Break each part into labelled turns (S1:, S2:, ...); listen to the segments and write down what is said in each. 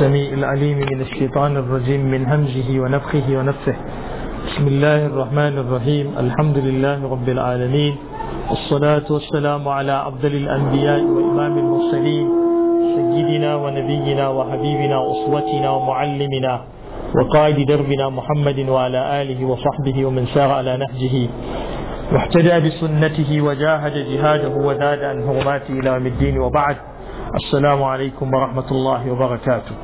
S1: السميع العليم من الشيطان الرجيم من همزه ونفخه ونفسه بسم الله الرحمن الرحيم الحمد لله رب العالمين والصلاة والسلام على أفضل الأنبياء وإمام المرسلين سيدنا ونبينا وحبيبنا وأسوتنا ومعلمنا وقائد دربنا محمد وعلى آله وصحبه ومن سار على نهجه واحتدى بسنته وجاهد جهاده وزاد عن هرماته إلى يوم الدين وبعد alaikum wa عليكم ورحمة الله وبركاته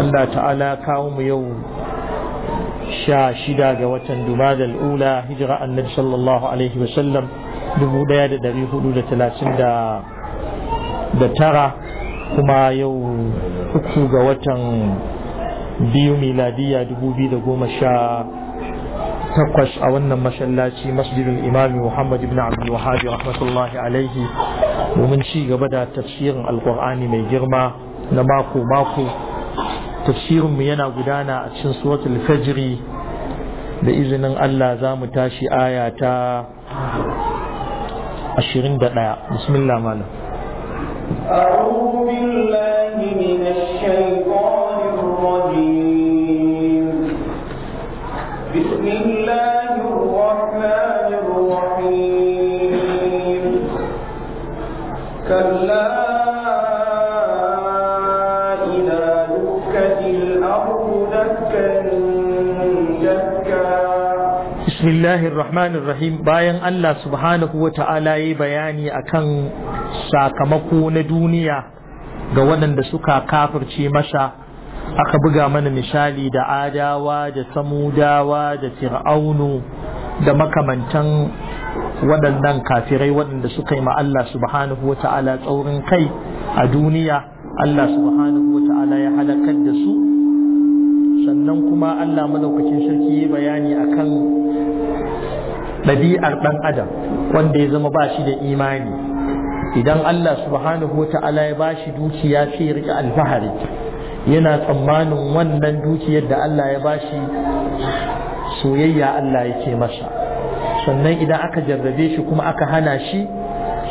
S1: الله تعالى كاوم yau sha shida ga watan Dumada al'ula hijira annabi sallallahu alaihi wa Sallam, dubu daya da dari hudu da talatin da tara kuma yau uku ga watan biyu miladiya dubu biyu da goma sha takwas a wannan masallaci masjidin imami muhammad ibn abdul wahabi rahmatullahi alaihi domin ci gaba da tafsirin alkur'ani mai girma na mako mako tafsirin mu yana gudana a cikin suratul fajri da izinin Allah za mu tashi aya ta 21 bismillah malam
S2: أعوذ بالله من
S1: bismillahir bayan Allah subhanahu wa ta'ala yi bayani akan sakamako na duniya ga waɗanda suka kafirce masa aka buga mana misali da adawa da samudawa da fir'aunu da makamantan waɗannan kafirai waɗanda suka yi ma Allah subhanahu wa ta'ala tsaurin kai a duniya Allah subhanahu wa ta'ala ya halakar da su sannan kuma Allah madaukakin sarki ya bayani akan ɗabi'ar ɗan adam wanda ya zama ba shi da imani idan Allah subhanahu wa ta'ala ya ba shi dukiya sai ya rika alfahari yana tsammanin wannan dukiyar da Allah ya ba shi soyayya Allah yake masa sannan idan aka jarrabe shi kuma aka hana shi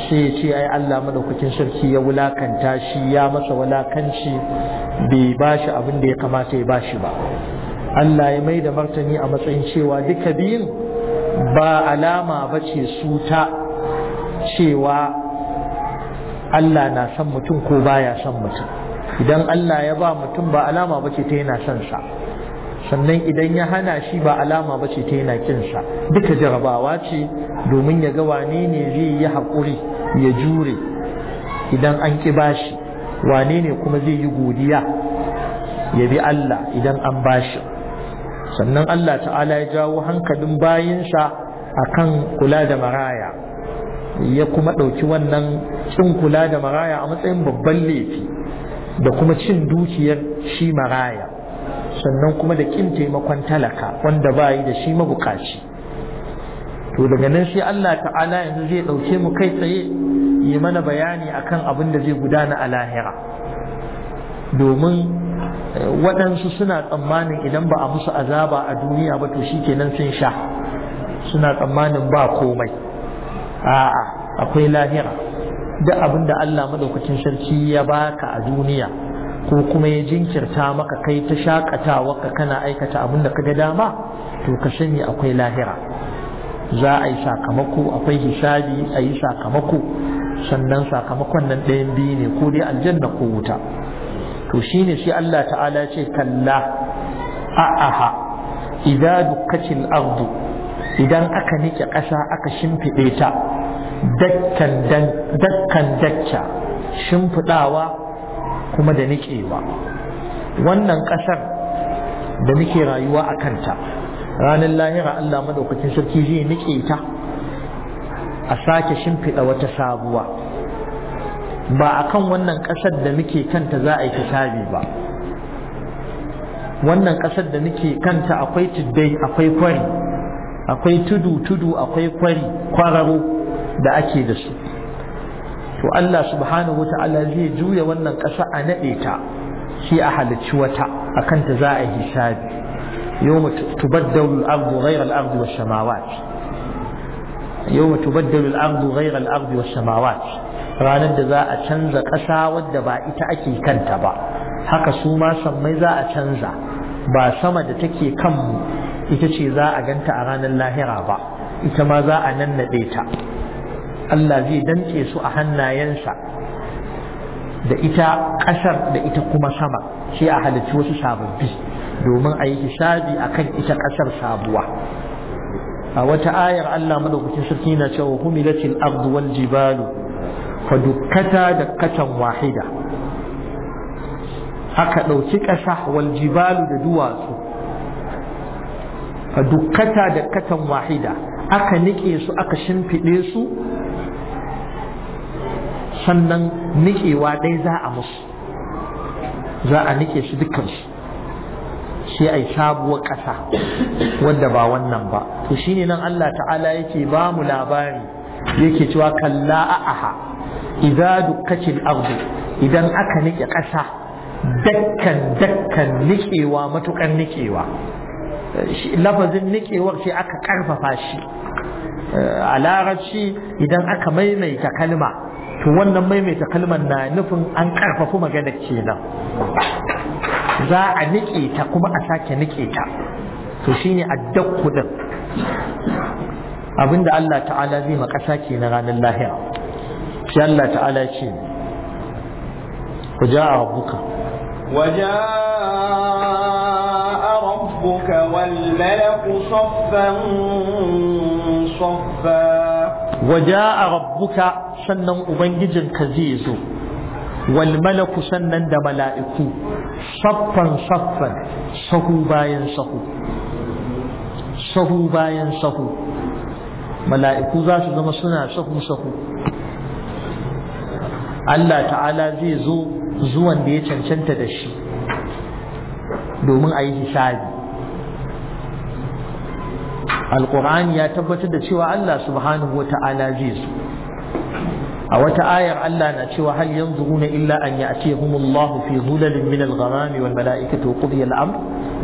S1: sai ya ce ai Allah madaukakin sarki ya wulakanta shi ya masa wulakanci bai ba shi abin da ya kamata ya ba shi ba Allah ya mai da martani a matsayin cewa duka biyun ba alama ba ce su ta cewa Allah na son mutum ko baya son mutum idan Allah ya ba mutum ba alama ba ce ta yana son sa sannan idan ya hana shi ba alama ba ce ta yana kinsa duka jarabawa ce domin ya ga wane ne zai yi haƙuri ya jure idan an ƙi bashi wane ne kuma zai yi godiya ya bi Allah idan an bashi sannan Allah ta'ala ya jawo hankalin bayinsa akan kula da maraya ya kuma ɗauki wannan cin kula da maraya a matsayin babban laifi da kuma cin dukiyar shi maraya sannan kuma da kin taimakon talaka wanda ba yi da shi mabukaci to daga nan shi Allah ta'ala yanzu zai ɗauke mu kai tsaye yi mana bayani akan abin da zai gudana a lahira domin waɗansu suna tsammanin idan ba a musu azaba a duniya ba to shikenan sun sha suna tsammanin ba komai a'a akwai lahira da abin da Allah madaukakin sarki ya baka a duniya ko kuma ya jinkirta maka kai ta shakatawa ka kana aikata abin da ka ga dama to ka sani akwai lahira za a yi sakamako akwai hisabi a yi sakamako sannan sakamakon nan ɗayan biyu ne ko dai aljanna ko wuta to shine sai Allah ta'ala ce kalla aha idan dukkatil ardu idan aka nike ƙasa aka shimfiɗe ta dakkan dakka shimfiɗawa kuma da nikewa. wannan ƙasar da nike rayuwa a kanta ranar lahira Allah maɗaukacin sarki zai niƙe ta a sake shimfiɗa wata sabuwa ba a kan wannan ƙasar da muke kanta za a yi hisabi ba wannan ƙasar da muke kanta akwai tuddai akwai kwari akwai tudu tudu akwai kwari kwararo da ake da su to Allah subhanahu wata'ala zai juya wannan ƙasa a naɗe ta shi a halicci wata a kanta za a yi hisabi yau tubaddalu al-ardu ghayra al-ardu wash-samawat yau tubaddalu al-ardu ghayra al-ardu wash-samawat ranar da za a canza ƙasa wadda ba ita ake kanta ba haka su ma sammai za a canza ba sama da take kan ita ce za a ganta a ranar lahira ba ita ma za a nannaɗe ta Allah zai dantse su a hannayensa da ita ƙasar da ita kuma sama sai a halarci wasu sababbi domin a yi hisabi a kan ita ƙasar sabuwa a wata ayar Allah madaukakin sarki na cewa humilatil ardu wal jibalu fadukkata da katan wahida aka ɗauki ƙasa wal da duwatsu fadukkata da katan wahida aka niƙe su aka shimfiɗe su sannan niƙewa ɗai za a musu za a niƙe su dukansu sai a yi sabuwar ƙasa wadda ba wannan ba to shine nan Allah ta'ala yake ba mu labari yake cewa kalla aha. idza dukkatil ardu idan aka nike ƙasa dakkan dakkan niƙewa matukan niƙewa, lafazin niƙewar sai aka ƙarfafa shi a larabci idan aka maimaita kalma to wannan maimaita kalmar na nufin an karfafa maganar kenan za a nike kuma a sake nike ta to shine addakku din abinda Allah ta'ala zai ma ƙasa ke na ranar lahira sai Allah ta'ala ce ku ja'a rabbuka
S2: wa ja'a rabbuka wal malaku saffan
S1: rabbuka sannan ubangijinka zai zo wal malaku sannan da mala'iku saffan saffan sahu bayan sahu sahu bayan sahu mala'iku za su zama suna sahu sahu Allah ta'ala zai zo zuwan da ya cancanta da shi domin a yi hisabi alƙur'ani ya tabbatar da cewa Allah subhanahu wa ta'ala zai zo a wata ayar Allah na cewa hal yanzuruna illa an ya'tihumullahu fi zulalin min al-ghamami wal mala'ikatu wa qudiya al-amr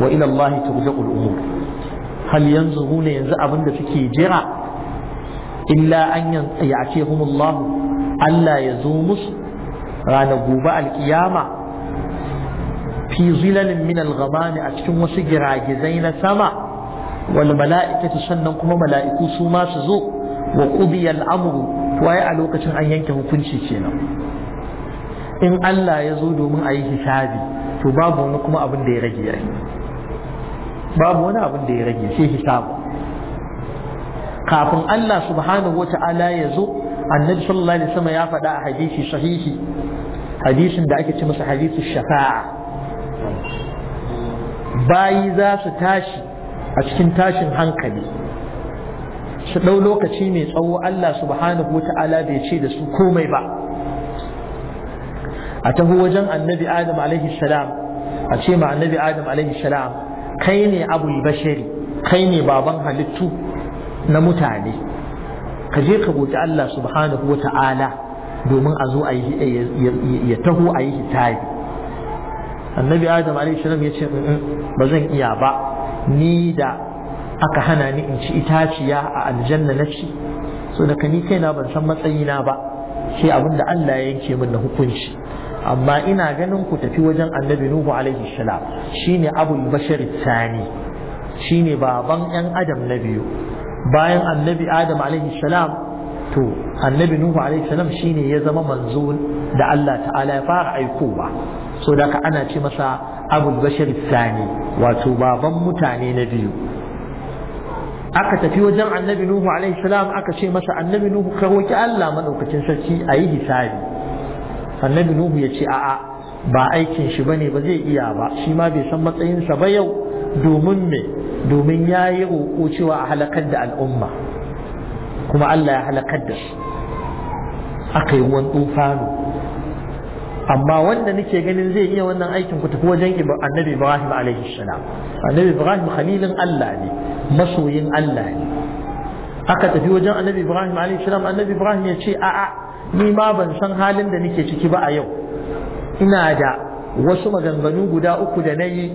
S1: wa ila Allah turja'u al-umur hal yanzuruna yanzu abinda suke jira illa an ya'tihumullahu Allah ya zo musu ranar gobe alkiyama fi zilalin min al-ghamami a cikin wasu giragizai na sama wal mala'ikatu sannan kuma mala'iku su ma su zo wa qudiya al-amru to ai a lokacin an yanke hukunci kenan in Allah ya zo domin a yi hisabi to babu wani kuma abin da ya rage yayi babu wani abin da ya rage sai hisabu kafin Allah subhanahu wata'ala ya zo annabi sallallahu alaihi wasallam ya faɗa a hadisi sahihi hadisin da ake ce masa hadisu shafa'a bayi za su tashi a cikin tashin hankali su ɗau lokaci mai tsawo Allah subhanahu wa ta'ala bai ce da su komai ba a taho wajen annabi adam alaihi salam a ce ma annabi adam alaihi salam kai ne abul bashari kai ne baban halittu na mutane ka je ka roki Allah subhanahu wa ta'ala domin a zo ya taho a yi hitabi annabi adam alaihi salam ya ce ba zan iya ba ni da aka hana ni in ci itaciya a aljanna na ci so da ni kaina ban san matsayina ba sai abin da Allah ya yanke min na hukunci amma ina ganin ku tafi wajen annabi nuhu alaihi salam shine abul bashar tsani shine baban yan adam na biyu bayan annabi adam alaihi salam to annabi nuhu alaihi salam shine ya zama manzo da Allah ta'ala ya fara aikowa so da ka ana ce masa abul bashir sani wato baban mutane na biyu aka tafi wajen annabi nuhu alaihi salam aka ce masa annabi nuhu ka roki Allah madaukakin sarki a yi hisabi annabi nuhu ya ce a'a ba aikin shi bane ba zai iya ba shi ma bai san matsayinsa ba yau domin me domin ya yi roƙo cewa a halakar da al'umma kuma Allah ya halakar da su aka yi ruwan tsufano amma wanda nake ganin zai iya wannan aikin ku tafi wajen annabi ibrahim alaihi salam annabi ibrahim khalilin Allah ne masoyin Allah ne aka tafi wajen annabi ibrahim alaihi salam annabi ibrahim ya ce a'a ni ma ban san halin da nake ciki ba a yau ina da wasu maganganu guda uku da na yi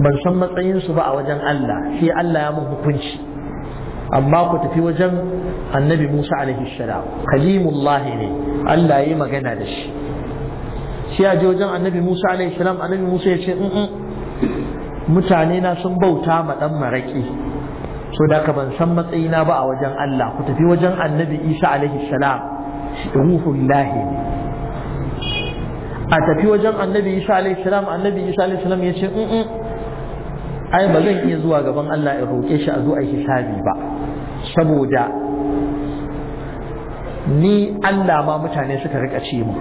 S1: ban san matsayinsu ba a wajen Allah sai Allah ya mun hukunci amma ku tafi wajen annabi Musa alaihi salam kalimullah ne Allah ya magana da shi sai a wajen annabi Musa alaihi salam annabi Musa ya ce mutane na sun bauta ma dan maraki so da ka ban san matsayina ba a wajen Allah ku tafi wajen annabi Isa alaihi salam ruhullah ne a tafi wajen annabi isa alaihi salam annabi isa alaihi salam ya ce in ai ba zan iya zuwa gaban Allah in roƙe shi a zo a hisabi ba saboda ni Allah ma mutane suka rika ce mu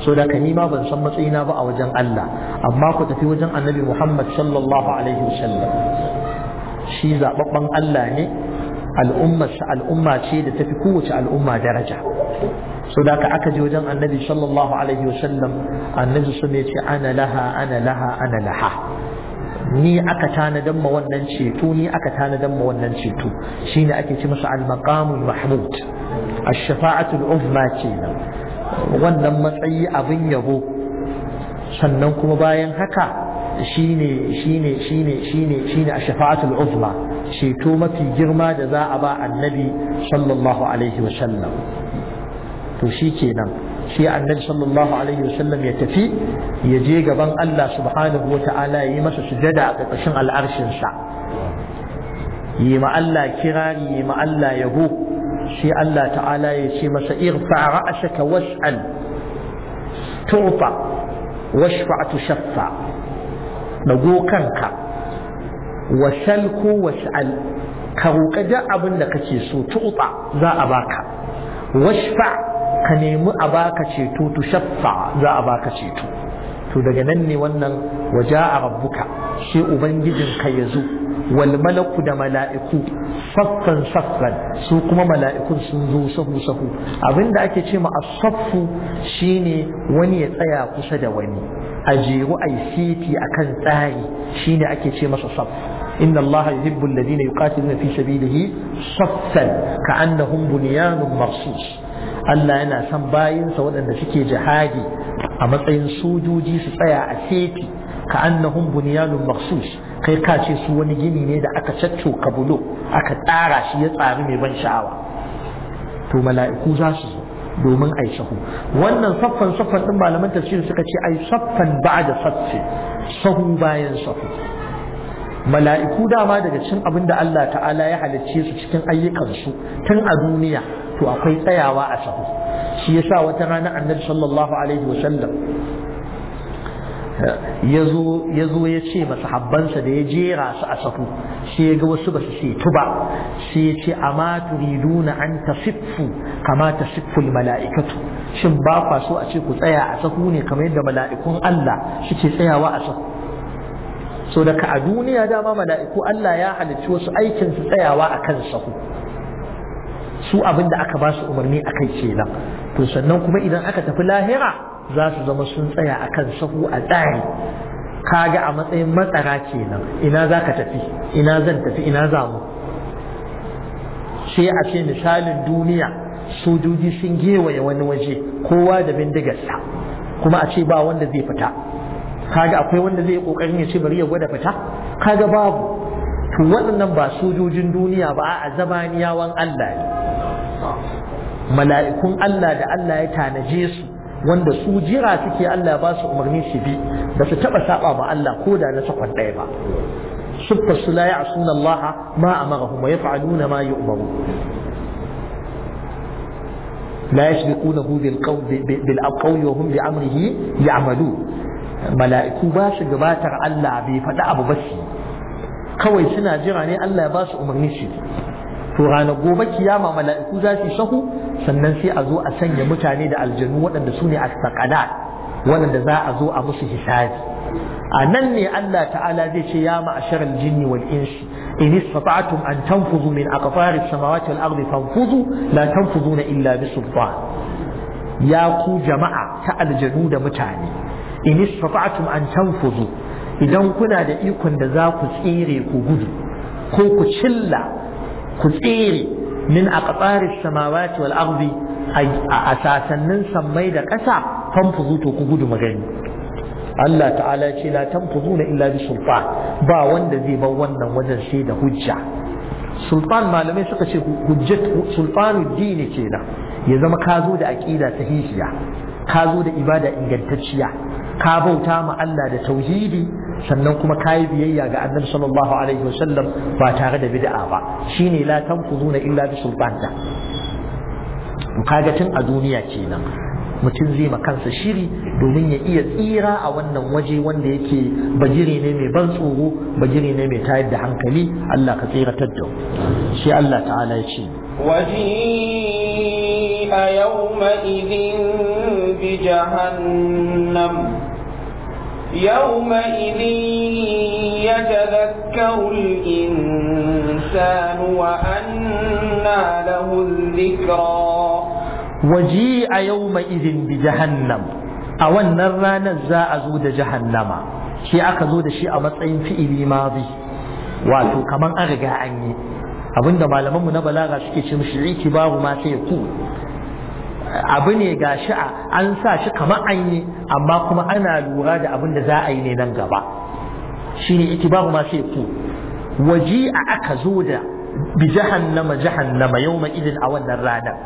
S1: so da ka ma ban san matsayina ba a wajen Allah amma ku tafi wajen annabi Muhammad sallallahu alaihi wasallam shi zababban Allah ne al'ummarsa al'umma ce da tafi kowace al'umma daraja so da ka aka je wajen annabi sallallahu alaihi wasallam annabi sun ya ce ana laha ana laha ana laha ni aka tanadan ma wannan ceto ni aka tanadan ma wannan ceto shine ake ce masa al-maqamul mahmud ash-shafa'atul uzma kenan wannan matsayi abin yabo sannan kuma bayan haka shine shine shine shine shine ash-shafa'atul uzma ceto mafi girma da za a ba annabi sallallahu alaihi wasallam to shi kenan shi annabi sallallahu alaihi wasallam ya tafi ya je gaban Allah subhanahu wa ta'ala ya yi masa sujada a ƙarƙashin al'arshin sa yi ma Allah kirari yi ma Allah yabo shi Allah ta'ala ya ce masa irfa ra'ashaka was'al turfa washfa tushaffa dago kanka wasal ko was'al ka roƙa duk abin da kake so tuɓa za a baka washfa ka nemi a baka ceto tu shaffa za a baka ceto to daga nan ne wannan waja a rabbuka shi ubangijin ka ya zo wal malaku da mala'iku saffan saffan su kuma mala'ikun sun zo sahu sahu abinda ake ce ma as-saffu shine wani ya tsaya kusa da wani a jeru ai siti akan tsari shine ake ce masa saff إن الله يحب الذين يقاتلون في سبيله صفا كأنهم بنيان مرصوص Allah yana son bayinsa waɗanda suke jihadi a matsayin sojoji su tsaya a sefi ka annahum bunyanun maksus kai ka ce su wani gini ne da aka cacco kabulo aka tsara shi ya tsari mai ban sha'awa to mala'iku za su zo domin ai sahu wannan saffan saffan din malaman tafsir suka ce ai saffan da saffi sahu bayan sahu mala'iku dama daga cikin abin da Allah ta'ala ya halicce su cikin ayyukansu tun a duniya to akwai tsayawa a sahu shi yasa wata rana annabi sallallahu alaihi sallam, ya zo ya ce masahabbansa da ya jera su a sahu shi ya ga wasu ba su setu ba Shi ya ce amma turiduna an tasiffu kama tasiffu mala'ikatu shin ba kwa so a ce ku tsaya a sahu ne kamar yadda mala'ikun Allah suke tsayawa a sahu so daga a duniya dama mala'iku Allah ya halicci wasu aikin su tsayawa a kan sahu su abin da aka ba su umarni a kai kenan to sannan kuma idan aka tafi lahira za su zama sun tsaya a kan sahu a tsari kaga a matsayin matsara kenan ina za ka tafi ina zan tafi ina za mu sai a ce misalin duniya sojoji sun gewaye wani waje kowa da bindigarsa kuma a ce ba wanda zai fita kaga akwai wanda zai kokarin ya ce bari ya gwada fita kaga babu waɗannan ba sojojin duniya ba a zabaniyawan Allah ne mala'ikun Allah da Allah ya tanaje su wanda su jira suke Allah ba su umarni su bi ba su taɓa saba ba Allah ko da na sakon ɗaya ba suffa su la ya'suna Allah ma amarahum wa yaf'aluna ma yu'maru la yasbiqunahu bil qawli bil aqwali wa bi amrihi ya'malu mala'iku ba su gabatar Allah bai faɗi abu ba shi kawai suna jira ne Allah ya ba su umarni su to ranar gobe kiyama mala'iku za su sahu sannan sai a zo a sanya mutane da aljanu waɗanda su ne astaqada waɗanda za a zo a musu hisabi a nan ne Allah ta'ala zai ce ya ma'asharal jinni wal insi in istata'tum an tanfuzu min aqfari samawati wal ardi fanfuzu la tanfuzuna illa bi sultan ya ku jama'a ta aljanu da mutane in istata'tum an tanfuzu idan kuna da ikon da za ku tsere ku gudu ko ku cilla ku tsere min a ƙasarar samawati wal arzi a sasannin sammai da ƙasa famfu zuto ku gudu magani Allah ta'ala ce la tamfu zuna illa bi sulfa, ba wanda zai bar wannan wajen sai da hujja sulfan malamai suka ce hujjat sulfanu dini kenan ya zama ka zo da aƙida sahihiya ka zo da ibada ingantacciya ka bauta ma Allah da tauhidi sannan kuma kayi biyayya ga annabi sallallahu alaihi wasallam ba tare da bid'a ba shine la tanfuzuna illa bi sultanta kaga tun a duniya kenan mutum zai ma kansa shiri domin ya iya tsira a wannan waje wanda yake bajiri ne mai ban tsoro bajiri ne mai tayar da hankali Allah ka tsiratar da shi Allah ta'ala ya ce
S2: waji a yawma idin bi jahannam يومئذ يتذكر
S1: الإنسان
S2: وأنى له الذكرى
S1: وجيء يومئذ بجهنم أو النران الزاء زود جهنم شيء أكزود شيء مطعم في ماضي wato kaman an riga an yi abinda malamanmu na balaga suke ce mishi ikibaru ma sai ku abu ne ga shi an sa shi kamar an yi amma kuma ana lura da abin da za a yi ne nan gaba shine itibaru ma sai ku waji a aka zo da bi jahannama jahannama yawma izin a wannan ranar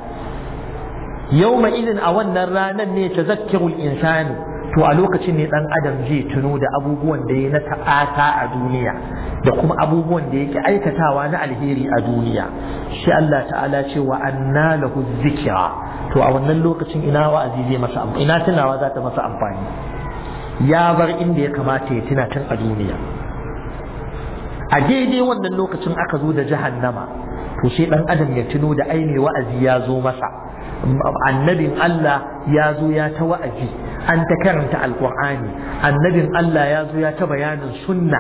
S1: ma izin a wannan ranar ne ta zakkirul insani to a lokacin ne dan adam zai tuno da abubuwan da ya na ta'ata a duniya da kuma abubuwan da yake aikatawa na alheri a duniya shi Allah ta'ala ce wa anna lahu zikira to a wannan lokacin ina wa'azi zai masa ina tunawa za ta masa amfani ya bar inda ya kamata ya tuna tun a duniya a daidai wannan lokacin aka zo da jahannama to sai dan adam ya tuno da ai wa'azi ya zo masa annabin Allah ya zo ya ta wa'azi an ta karanta alƙur'ani annabin Allah ya zo ya ta bayanin sunna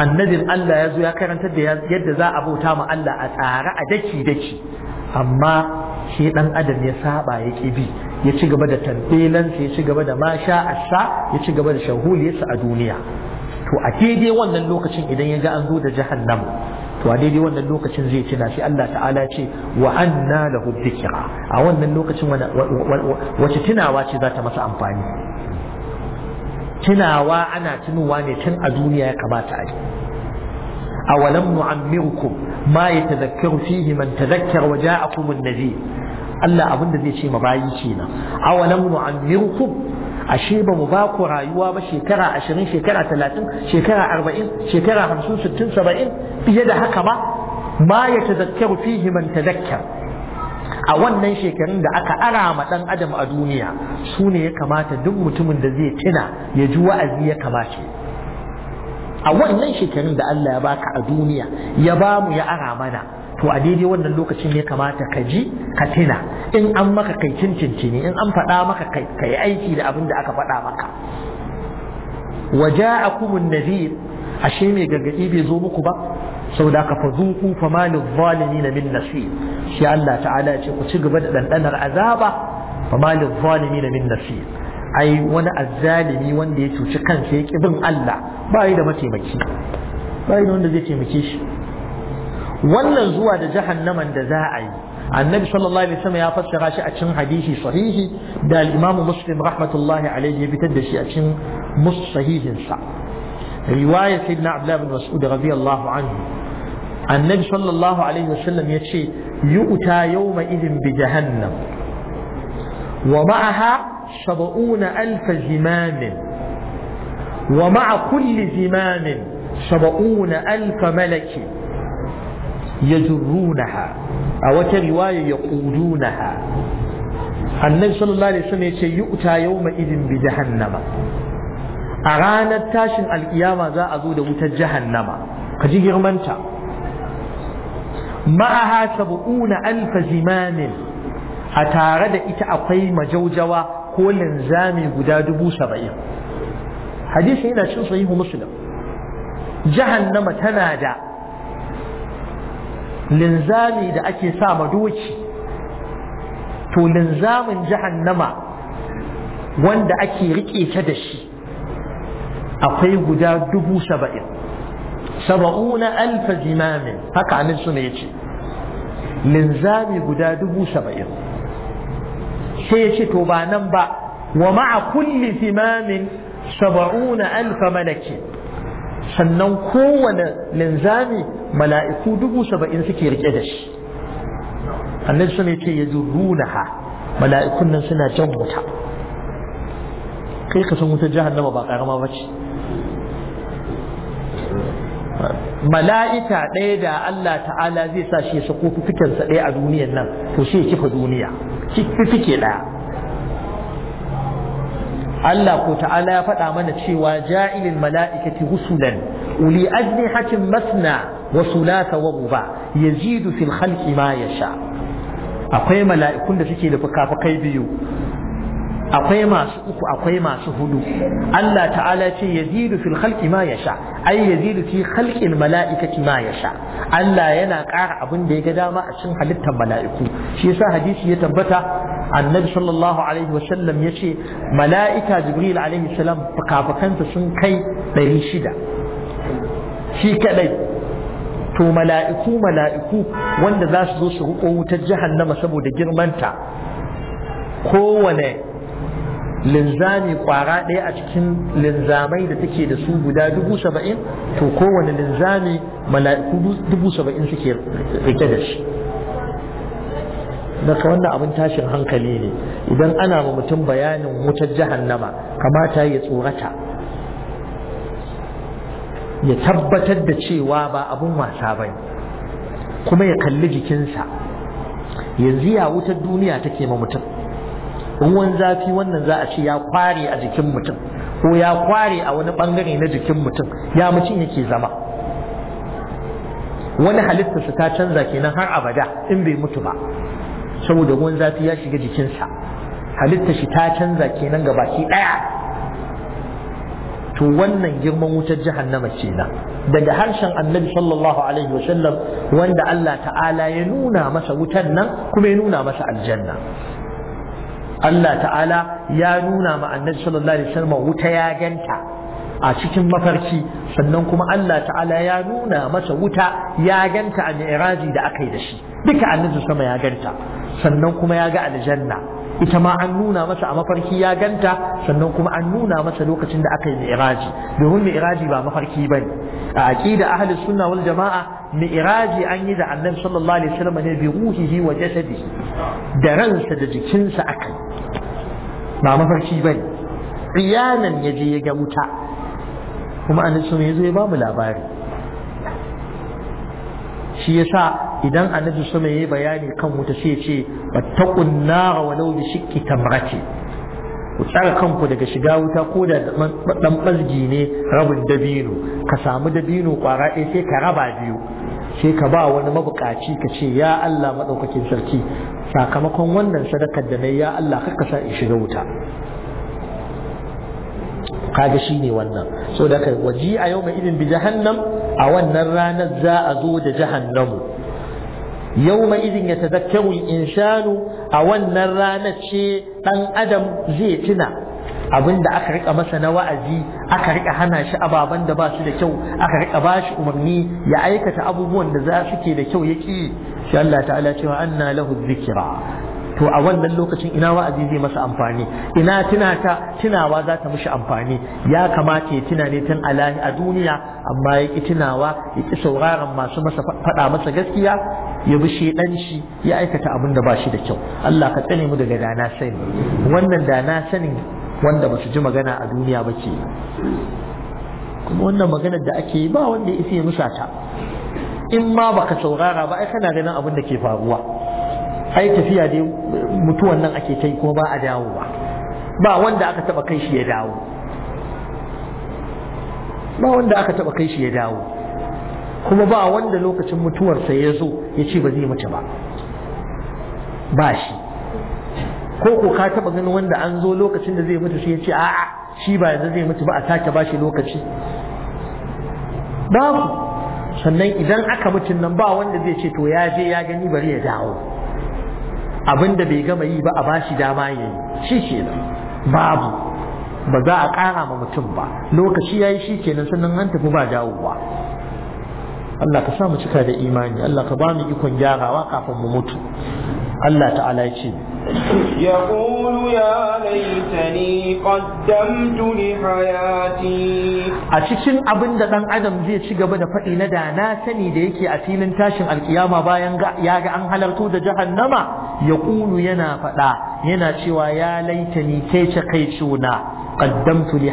S1: annabin Allah ya zo ya karantar da yadda za a bauta ma Allah a tsare a daki daki amma shi dan adam ya saba ya bi ya ci gaba da tambelansa ya ci gaba da masha asa ya ci gaba da shahuliyarsa a duniya to a daidai wannan lokacin idan ya ga an zo da jahannama to a daidai wannan lokacin zai tuna shi Allah ta'ala ce wa anna lahu dhikra a wannan lokacin wace tunawa ce za ta masa amfani tunawa ana tunuwa ne tun a duniya ya kamata a yi awalam nu'ammirukum ma yatadhakkaru fihi man tadhakkara wa ja'akum an-nadhir Allah abin da zai ce ma bayi kenan awalam nu'ammirukum ashe ba mu ba ku rayuwa ba shekara ashirin shekara talatin shekara arba'in shekara hamsin sittin saba'in fiye da haka ba ma ya tazakkaru fihi man tazakkar a wannan shekarun da aka ara ma dan adam a duniya su ne ya kamata duk mutumin da zai tuna ya ji wa'azi ya kamace a wannan shekarun da Allah ya baka a duniya ya ba mu ya ara mana to a daidai wannan lokacin ne kamata ka ji ka tuna in an maka kai cincinci ne in an faɗa maka kai aiki da abin da aka faɗa maka waja'akumun nadhir ashe mai gargadi bai zo muku ba saboda ka fazuku fa malil zalimin min nasir shi Allah ta'ala ya ce ku ci gaba da dandanar azaba fa malil zalimin min nasir ai wani azzalimi wanda ya cuci kansa ya ki bin Allah ba yi da mataimaki ba yi da wanda zai taimake shi wannan zuwa da jahannaman da za a yi annabi sallallahu alaihi wasallam ya fassara shi a cikin hadisi sahihi da al-imamu muslim rahmatullahi alaihi ya fitar da shi a cikin musahihin sa riwaya sayyidina abdullah bin mas'ud radiyallahu anhu annabi sallallahu alaihi wasallam ya ce yu'ta yawma idin bi jahannam wa ma'aha sab'una alf zimam wa ma'a kulli zimam sab'una alf malakin yajrunaha a wata riwaya naha. annabi sallallahu alaihi wasallam yace yu'ta yawma idin bi jahannama a ranar tashin alkiyama za a zo da wutar jahannama ka ji girmanta ma'aha sab'una alf zimamin a tare da ita akwai majaujawa ko linzami guda dubu saba'in hadisi yana cin sahihu muslim jahannama tana da linzami da ake sa ma doki to linzamin jahannama wanda ake riƙe ta da shi akwai guda dubu saba'in saba'una alfa zimamin haka anin su ya ce linzami guda dubu saba'in sai ya ce to ba nan ba wa ma'a kulli zimamin saba'una alfa malaki sannan kowane linzami mala'iku dubu saba'in suke rike da shi annabi suna ce ya ha mala'ikun nan suna jan wuta kai ka san wutar nama ba karama ba ce mala'ika ɗaya da Allah ta'ala zai sa shi ya sako fifikensa ɗaya a duniyan nan to shi ya kifa duniya fifike ɗaya Allah ko ta'ala ya faɗa mana cewa ja'ilin mala'ikati husulan uli ajnihatin masna wa sulata wa ruba yazidu fil khalqi ma yasha akwai mala'ikun da suke da fukafukai biyu akwai masu uku akwai masu hudu Allah ta'ala ce yazidu fil khalqi ma yasha ai yazidu fi khalqil mala'ikati ma yasha Allah yana ƙara abin da ya ga dama a cikin halittar mala'iku shi yasa hadisi ya tabbata annabi sallallahu alaihi wa sallam yace mala'ika jibril alaihi salam fukafukansa sun kai 600 shi kadai to mala'iku mala'iku wanda za su zo su riƙo wutar jahannama saboda girmanta kowane linzami kwara ɗaya a cikin linzamai da take da su guda dubu saba'in to kowane linzami mala'iku dubu saba'in suke rike da shi daga wannan abin tashin hankali ne idan ana ma mutum bayanin wutar jahannama kamata ya tsorata ya tabbatar da cewa ba abin wasa ba kuma ya kalli jikinsa yanzu ya wutar duniya take ma mutum ruwan zafi wannan za a ce ya kware a jikin mutum ko ya kware a wani bangare na jikin mutum ya mutum yake zama wani halittarsa ta canza kenan har abada in bai mutu ba saboda ruwan zafi ya shiga jikinsa halittar shi ta canza kenan ga baki daya to wannan girman wutar jahannama kenan daga harshen annabi sallallahu alaihi wa sallam wanda Allah ta'ala ya nuna masa wutar nan kuma ya nuna masa aljanna Allah ta'ala ya nuna ma annabi sallallahu alaihi wasallam wuta ya ganta a cikin mafarki sannan kuma Allah ta'ala ya nuna masa wuta ya ganta a mi'raji da aka yi da shi duka annabi sama ya ganta sannan kuma ya ga aljanna ita ma an nuna masa a mafarki ya ganta sannan kuma an nuna masa lokacin da aka yi mi'raji domin mi'raji ba mafarki bane a aqida ahli sunna wal jama'a mi'raji an yi da annabi sallallahu alaihi wasallam ne bi ruhihi wa jasadihi da ransa da jikinsa akai ba mafarki ba ne iyanan ya je ya ga wuta kuma annabi sun ya zo ya ba mu labari shi ya sa idan annabi sun ya yi bayani kan wuta sai ya ce wattaqun nara walau bi shikki tamrati ku tsara kanku daga shiga wuta ko da ɗan bazgi ne rabin dabino ka samu dabino ƙwara ɗaya sai ka raba biyu sai ka ba wani mabukaci ka ce ya Allah maɗaukakin sarki sakamakon wannan sadakar da na ya Allah kakka sa in shiga wuta kaga shi ne wannan so da ka waji a yau mai idin bi jahannam a wannan ranar za a zo da jahannamu yau mai idin ya tazakkaru insanu a wannan ranar ce dan adam zai tuna abinda aka rika masa na wa'azi aka rika hana shi ababan da ba su da kyau aka rika ba shi umarni ya aikata abubuwan da za su ke da kyau ya ki shi Allah ta'ala cewa anna lahu dhikra to a wannan lokacin ina wa'azi zai masa amfani ina tunata tunawa za ta mishi amfani ya kamata ya tuna ne tun alahi a duniya amma ya ki tunawa ya ki sauraron masu masa faɗa masa gaskiya ya bi shedan shi ya aikata abin da ba shi da kyau Allah ka tsane mu daga dana sani wannan dana sanin wanda ba su ji magana a duniya ba ke kuma wannan maganar da ake yi ba wanda ya isa ya musa ta in ma ba ka saurara ba ai kana ganin abin da ke faruwa ai tafiya dai mutuwan nan ake kai kuma ba a dawo ba ba wanda aka taba kai shi ya dawo ba wanda aka taba kai shi ya dawo kuma ba wanda lokacin mutuwarsa ya zo ya ce ba zai mace ba ba shi ko ko ka taba ganin wanda an zo lokacin da zai mutu sai ya ce a'a shi ba yanzu zai mutu ba a sake bashi lokaci babu sannan idan aka mutun nan ba wanda zai ce to ya je ya gani bari ya dawo abinda bai gama yi ba a bashi dama ya yi shi kenan babu ba za a kara ma mutum ba lokaci ya yi shi kenan sannan an tafi ba dawowa Allah ka sa mu cika da imani Allah ka ba mu ikon gyarawa kafin mu mutu Allah ta'ala ya ce
S2: yaqulu ya laitani qaddamtu
S1: li hayati a cikin abin da dan adam zai ci gaba da faɗi na da na sani da yake a filin tashin alkiyama bayan ya ga an halarto da jahannama yaqulu yana faɗa yana cewa ya laitani kai ce kai na qaddamtu li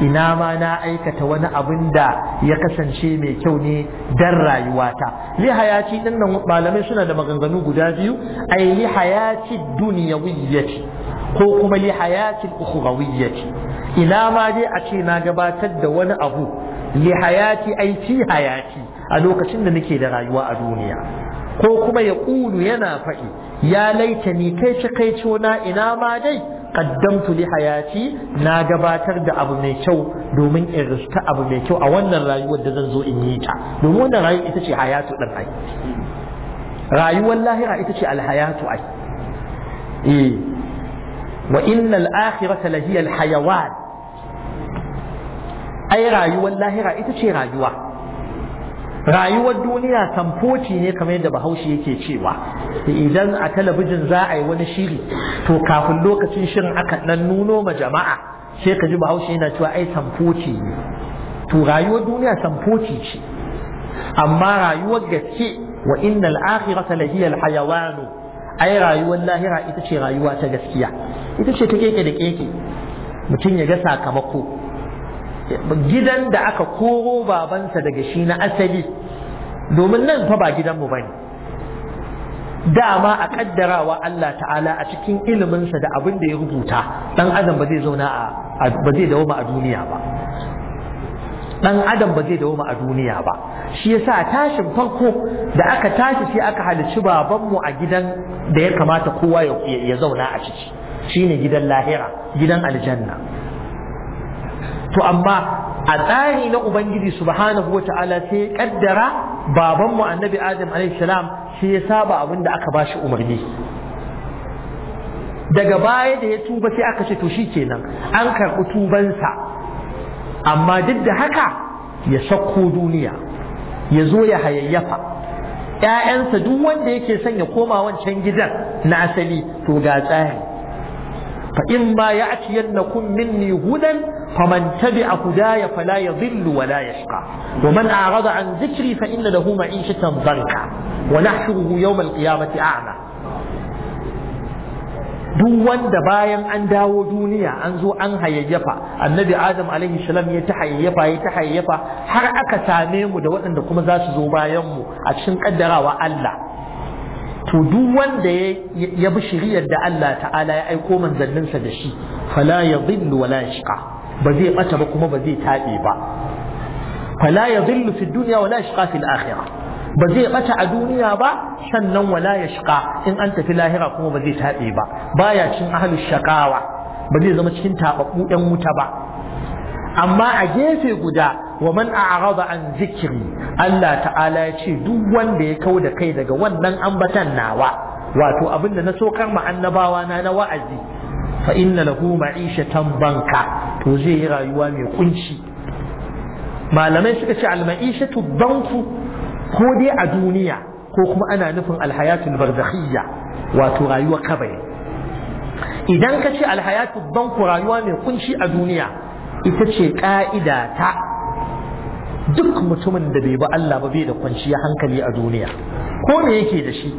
S1: ina ma na aikata wani abun da ya kasance mai kyau ne dan rayuwata li hayati din malamai suna da maganganu guda biyu ai li hayati dunyawiyyati ko kuma li hayati ukhrawiyyati ina ma dai a ce na gabatar da wani abu li aiki ai hayati a lokacin da nake da rayuwa a duniya ko kuma ya ƙulu yana faɗi ya laita ni kai ci kai na ina ma dai qaddamtu li hayati na gabatar da abu mai kyau domin in riska abu mai kyau a wannan rayuwar da zan zo in yi ta domin wannan rayuwar ita ce hayatu din ai rayuwar lahira ita ce alhayatu ai eh wa innal akhirata lahiyal hayawan ai rayuwar lahira ita ce rayuwa rayuwar duniya tamfoci ne kamar yadda bahaushe yake cewa idan a talabijin za a yi wani shiri to kafin lokacin shirin aka ɗan nuno ma jama'a sai ka ji bahaushe yana cewa ai tamfoci ne to rayuwar duniya tamfoci ce amma rayuwar gaske wa innal akhirata lahiyal hayawanu ai rayuwar lahira ita ce rayuwa ta gaskiya ita ce ta keke da keke mutum ya ga sakamako gidan da aka koro babansa daga shi na asali domin nan fa ba gidanmu ba ne dama a kaddarawa Allah ta'ala a cikin iliminsa da abin da ya rubuta dan adam ba zai zauna a ba zai dawo a duniya ba dan adam ba zai dawo a duniya ba shi yasa tashin farko da aka tashi sai aka baban babanmu a gidan da ya kamata kowa ya zauna a ciki shine gidan lahira gidan aljanna to amma a tsari na ubangiji subhanahu sai ya kaddara babanmu annabi adam alaihi salam sai ya saba abin da aka bashi umarni daga baya da ya tuba sai aka ce to shi kenan an karɓi tubansa amma duk da haka ya sakko duniya ya zo ya hayayyafa ‘ya'yansa duk wanda yake son ya koma wancan gidan na asali to ga tsari فإما يأتينكم مني هدى فمن تبع هداي فلا يضل ولا يشقى ومن أعرض عن ذكري فإن له معيشة ضنكا ونحشره يوم القيامة أعمى duk wanda bayan an dawo duniya an zo an hayayyafa annabi adam alaihi salam ya ta hayayyafa ya ta hayayyafa har aka same mu da waɗanda kuma za su zo bayan mu a cikin kaddarawa Allah to duk wanda ya bi shiriyar da Allah ta'ala ya aiko manzanninsa da shi fala ya zillu wala shiqa ba zai bata ba kuma ba zai taɓe ba fala ya fi duniya wala shiqa fil akhirah ba zai bata a duniya ba sannan wala ya shiqa in an tafi lahira kuma ba zai taɓe ba baya cin ahlus shaqawa ba zai zama cikin tababbu yan wuta ba amma a gefe guda wa man a'rada an zikri Allah ta'ala ya ce duk wanda ya kau da kai daga wannan ambatan nawa wato da na sokar ma annabawa na na wa'azi fa inna lahu ma'ishatan banka to zai yi rayuwa mai kunci malamai suka ce al-ma'ishatu banku ko dai a duniya ko kuma ana nufin alhayatul barzakhiyya wato rayuwa kabari idan ka ce alhayatul banku rayuwa mai kunci a duniya ita ce ka'ida ta duk mutumin da bai ba Allah ba bai da kwanciya hankali a duniya ko me yake da shi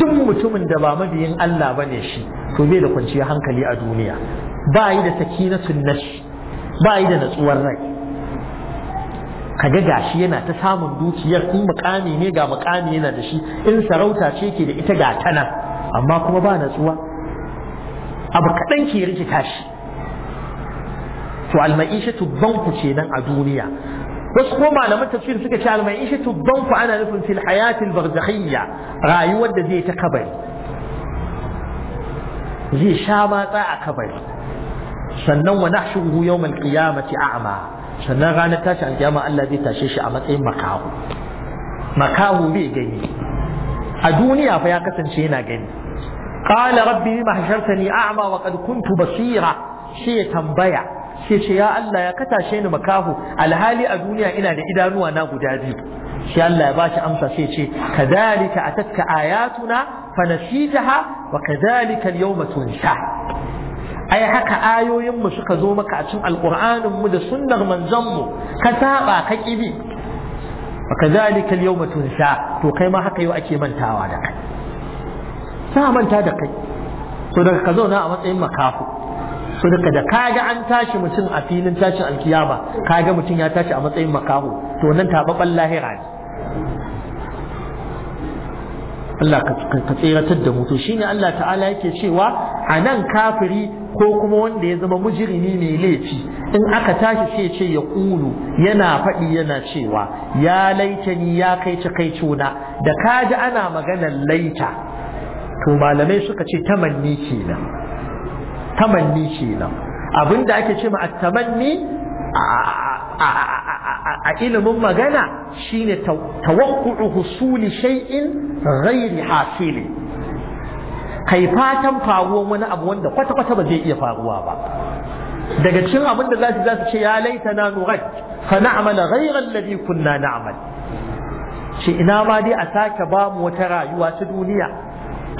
S1: duk mutumin da ba mabiyin Allah ba ne shi to bai da kwanciya hankali a duniya ba yi da sakinatun nashi ba yi da natsuwar rai kaga gashi yana ta samun dukiyar in mukami ne ga mukami yana da shi in sarauta ce ke da ita ga tana amma kuma ba natsuwa abu kaɗan ke rikita shi to al-ma'ishatu ce nan a duniya wasu ko malaman tafsir suka ce al-ma'ishatu banku ana nufin fil hayatil barzakhiyya rayuwar da zai ta kabari zai sha matsa a kabari sannan wa nahshuhu yawmal qiyamati a'ma sannan ranar tashi alkiyama Allah zai tashe shi a matsayin makahu makahu bai gani a duniya fa ya kasance yana gani قال ربي lima حشرتني أعمى وقد كنت بصيرا شيء shi sai ce ya Allah ya katashe ni makahu alhali a duniya ina da idanuwa na guda biyu sai Allah ya bashi amsa sai ce kadhalika atatka ayatuna fanasitaha wa kadhalika al-yawma tunsa ai haka ayoyin mu suka zo maka a cikin alqur'anin mu da sunnar manzon mu ka saba ka kibi wa kadhalika al-yawma tunsa to kai ma haka yau ake mantawa da kai sa manta da kai to daga ka zauna a matsayin makaho. so daga da kaga an tashi mutum a filin tashin alkiyama kaga mutum ya tashi a matsayin makaho to nan tababban lahira ne Allah ka tseratar da mutu shine Allah ta'ala yake cewa a nan kafiri ko kuma wanda ya zama mujirimi mai laifi in aka tashi sai ce ya kulu yana faɗi yana cewa ya laita ni ya kai ci kai cuna da kaji ana maganar laita to malamai suka ce tamanni kenan tamanni kenan abin da ake ce ma tamanni a ilimin magana shine tawakku'u husuli shay'in ghairi hasili kai fatan faruwan wani abu wanda kwata-kwata ba zai iya faruwa ba daga cikin abin da za su za su ce ya laita na nurat fa na'mala ghayra alladhi kunna na'mal ce ina ma dai a sake ba mu wata rayuwa ta duniya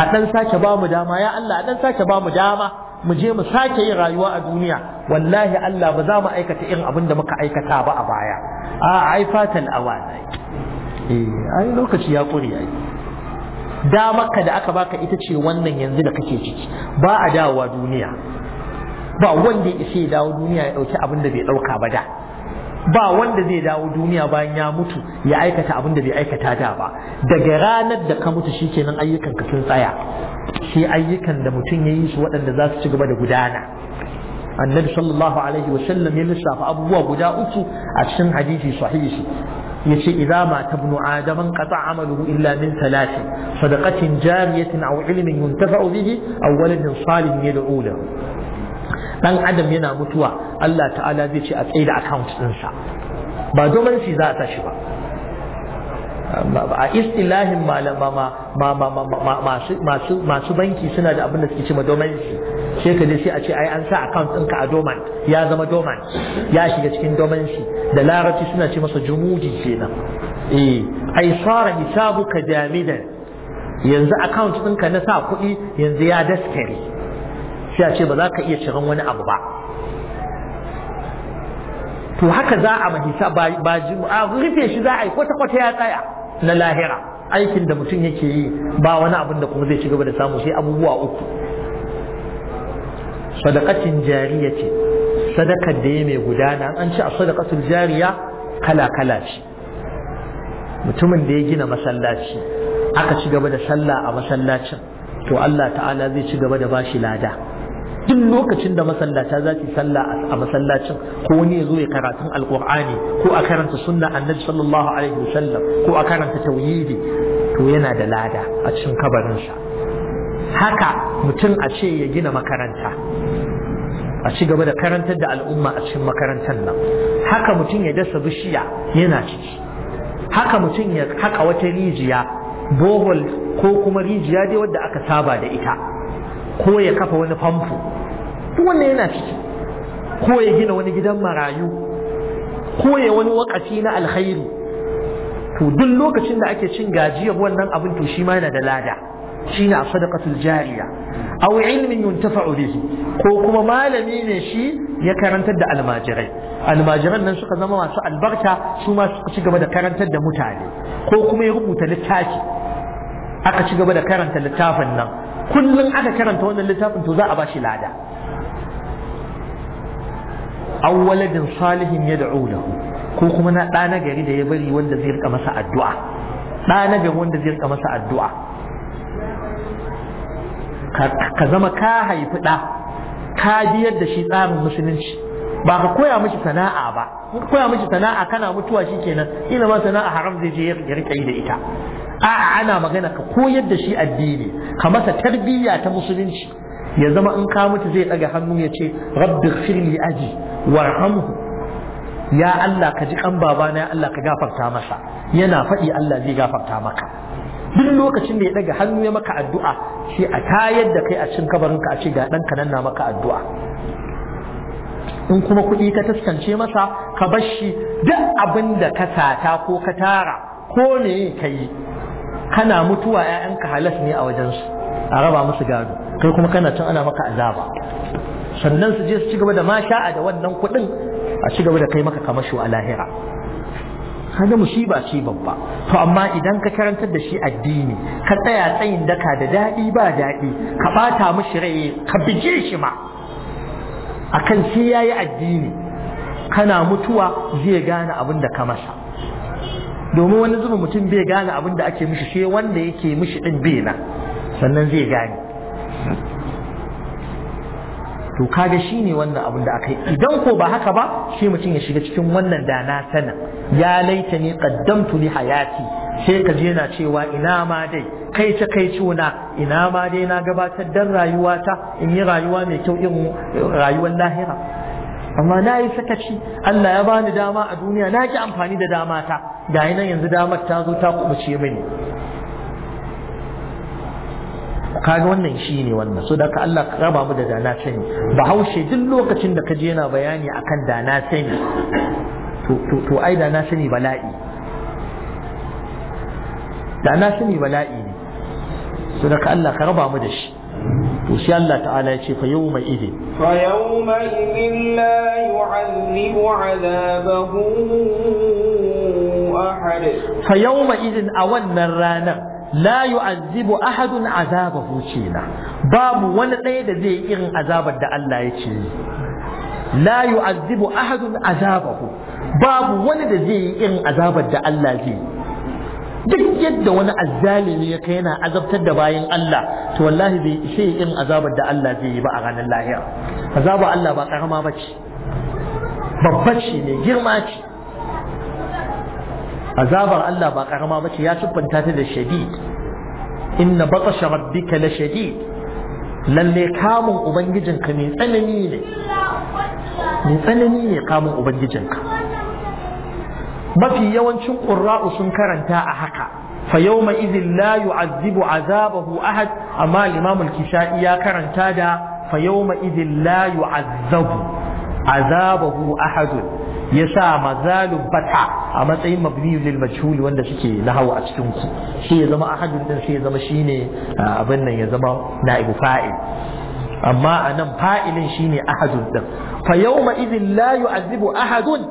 S1: a dan sake ba mu dama ya Allah a dan sake ba mu dama mu je mu sake yin rayuwa a duniya wallahi Allah ba za mu aikata irin abin da muka aikata ba a baya a ai fatan awana eh ai lokaci ya kure ai maka da aka baka ita ce wannan yanzu da kake ciki ba a dawowa duniya ba wanda ya dawo duniya ya dauki abin da bai dauka ba da ba wanda zai dawo duniya bayan ya mutu ya aikata abin da bai aikata da ba daga ranar da ka mutu shikenan ayyukan ka sun tsaya shi ayyukan da mutum ya yi su waɗanda za su ci gaba da gudana annabi sallallahu alaihi wa sallam ya lissafa abubuwa guda uku a cikin hadisi sahihi yace idza ma tabnu adaman qata amaluhu illa min thalathi sadaqatin jariyatin aw ilmin yuntafa'u bihi aw waladin salihin yad'u lahu dan adam yana mutuwa Allah ta'ala zai ce a tsaye da account ɗinsa ba domin shi za a tashi ba a istilahin malama masu banki suna da abin da suke cima ma sai ka je sai a ce ai an sa account ɗinka a doman ya zama doman ya shiga cikin domancy da larabci suna ce masa jumudi kenan eh ai sara hisabuka jamidan yanzu account ɗinka na sa kuɗi yanzu ya daskare sai a ce ba za ka iya ciran wani abu ba to haka za a mahisa ba a rufe shi za a yi kwata-kwata ya tsaya na lahira aikin da mutum yake yi ba wani abin da kuma zai ci gaba da samu sai abubuwa uku sadakacin jariya ce sadakar da ya mai gudana an ci a sadakacin jariya kala-kala ce mutumin da ya gina masallaci aka ci gaba da sallah a masallacin to Allah ta'ala zai ci gaba da bashi lada duk lokacin da masallata za su sallah a masallacin ko wani ya zo ya karatu alkur'ani ko a karanta sunna annabi sallallahu alaihi wasallam ko a karanta tauhidi to yana da lada a cikin kabarinsa haka mutum a ce ya gina makaranta a ci gaba da karantar da al'umma a cikin makarantar nan haka mutum ya dasa bishiya yana ciki haka mutum ya haka wata rijiya bohol ko kuma rijiya dai wadda aka saba da ita ko ya kafa wani famfo duk yana ciki ko ya gina wani gidan marayu ko ya wani wakafi na alkhairi to duk lokacin da ake cin gajiyar wannan abin to shi ma yana da lada shine a sadaqatul jariya aw ilmin yuntafa'u bihi ko kuma malami ne shi ya karantar da almajirai almajiran nan suka zama masu albarka su ma suka ci gaba da karantar da mutane ko kuma ya rubuta littafi aka ci gaba da karanta littafin nan kullum aka karanta wannan littafin to za a ba shi lada aw waladin salihin yad'u lahu ko kuma na ɗa na gari da ya bari wanda zai rika masa addu'a ɗa na gari wanda zai rika masa addu'a ka zama ka haifi ɗa ka biyar da shi tsarin musulunci ba ka koya mishi sana'a ba ka koya mishi sana'a kana mutuwa shikenan ina ma sana'a haram zai je ya rika yi da ita a'a ana magana ka koyar da shi addini ka masa tarbiyya ta musulunci ya zama in ka mutu zai ɗaga hannu ya ce rabbi firli aji warhamhu ya Allah ka ji kan babana ya Allah ka gafarta masa yana faɗi Allah zai gafarta maka duk lokacin da ya ɗaga hannu ya maka addu'a sai a tayar da kai a cikin kabarinka a ce ga ɗanka nan na maka addu'a in kuma kuɗi ka taskance masa ka bar shi duk abin da ka sata ko ka tara ko ne ka yi kana mutuwa 'ya'yanka halas ne a wajensu a raba musu gado kai kuma kana can ana maka azaba sannan su je su ci gaba da a da wannan kuɗin a ci gaba da kai maka kamasho a lahira shi ba ce babba to amma idan ka karantar da shi addini ka tsaya tsayin daka da daɗi ba daɗi ka ɓata mishi rai ka bige shi ma akan sai yayi addini kana mutuwa zai gane abin da ka masa domin wani zuba mutum bai gane abin da ake mishi sai wanda yake mishi din bai na sannan zai gane to kaga ne wannan abin da aka yi idan ko ba haka ba shi mutum ya shiga cikin wannan da na sana ya laita ni qaddamtu li hayati sai ka je na cewa ina ma dai kai ta kai ciuna ina ma dai na gabatar dan rayuwata in yi rayuwa mai kyau irin rayuwar lahira amma na yi sakaci Allah ya bani dama a duniya na ki amfani da dama ta ga yanzu damar ta zo ta kubuce mini kaga wannan shi ne wannan so da ka Allah ka raba mu da dana sani bahaushe duk lokacin da ka je yana bayani akan dana sani to ai dana sani bala'i dana sani bala'i ne so da ka Allah ka raba mu da shi to sai Allah ta'ala ya ce fa mai idin
S2: fa mai
S1: idin la yu'azzibu 'adabahu ahad fa mai idin a wannan ranar la yu'azzibu ahadun azabahu kenan babu wani ɗaya da zai irin azabar da Allah ya ce la yu'azzibu ahadun azabahu babu wani da zai yi irin azabar da Allah zai yi duk yadda wani azzalimi ya kai yana azabtar da bayan Allah to wallahi bai ishe irin azabar da Allah zai yi ba a ranar lahira azaba Allah ba karama bace babbar ce ne girma ce azabar Allah ba karama bace ya siffanta ta da shadid inna batasha rabbika la shadid lalle kamun ubangijinka mai tsanani ne mai tsanani ne kamun ubangijinka mafi yawancin ƙura'u sun karanta a haka fa yau mai izin la yu'azzibu azabahu ahad amma limamul kisha'i ya karanta da fa yau mai la yu'azzabu azabahu ahadun ya sa mazalun fata a matsayin mabniyun lil majhul wanda suke nahawu a cikin ku sai ya zama ahadun din sai ya zama shine abin nan ya zama na'ibu fa'il amma anan fa'ilin shine ahadun din fa yawma idhin la yu'azzibu ahadun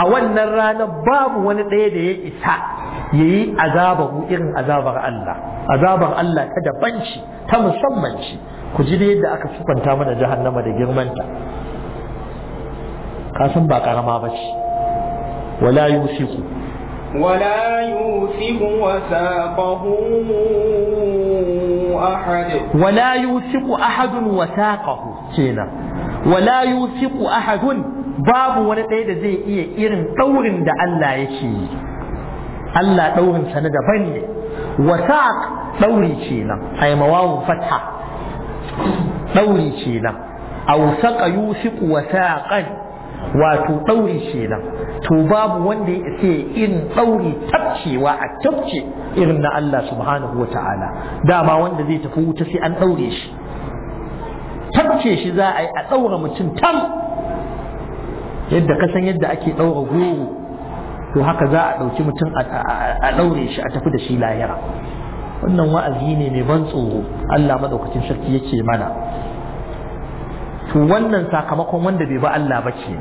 S1: a wannan ranar babu wani ɗaya da ya isa yayi azabahu irin azabar Allah azabar Allah ta daban ta musamman ci ku ji da yadda aka sufanta mana jahannama da girmanta ka san ba karama ba ce wala ku.
S2: wala yusiku wasaqahu
S1: ahad wala yusiku ahadun wasaqahu kenan wala yusiku ahadun babu wani ɗaya da zai iya irin ɗaurin da Allah yake yi Allah ɗaurin sa na daban ne wasaq ɗauri kenan ay mawawun fatha ɗauri kenan awsaqa yusiku wasaqan wato ɗauri ce nan to babu wanda ya ce in ɗauri tafcewa a tafce irin na Allah subhanahu wa ta'ala dama wanda zai tafi wuta sai an ɗaure shi tafce shi za a yi a ɗaura mutum tam yadda ka san yadda ake ɗaura goro to haka za a ɗauki mutum a ɗaure shi a tafi da shi lahira wannan wa'azi ne mai ban tsoro Allah madaukakin sarki yake mana wannan sakamakon wanda bai ba Allah ba ke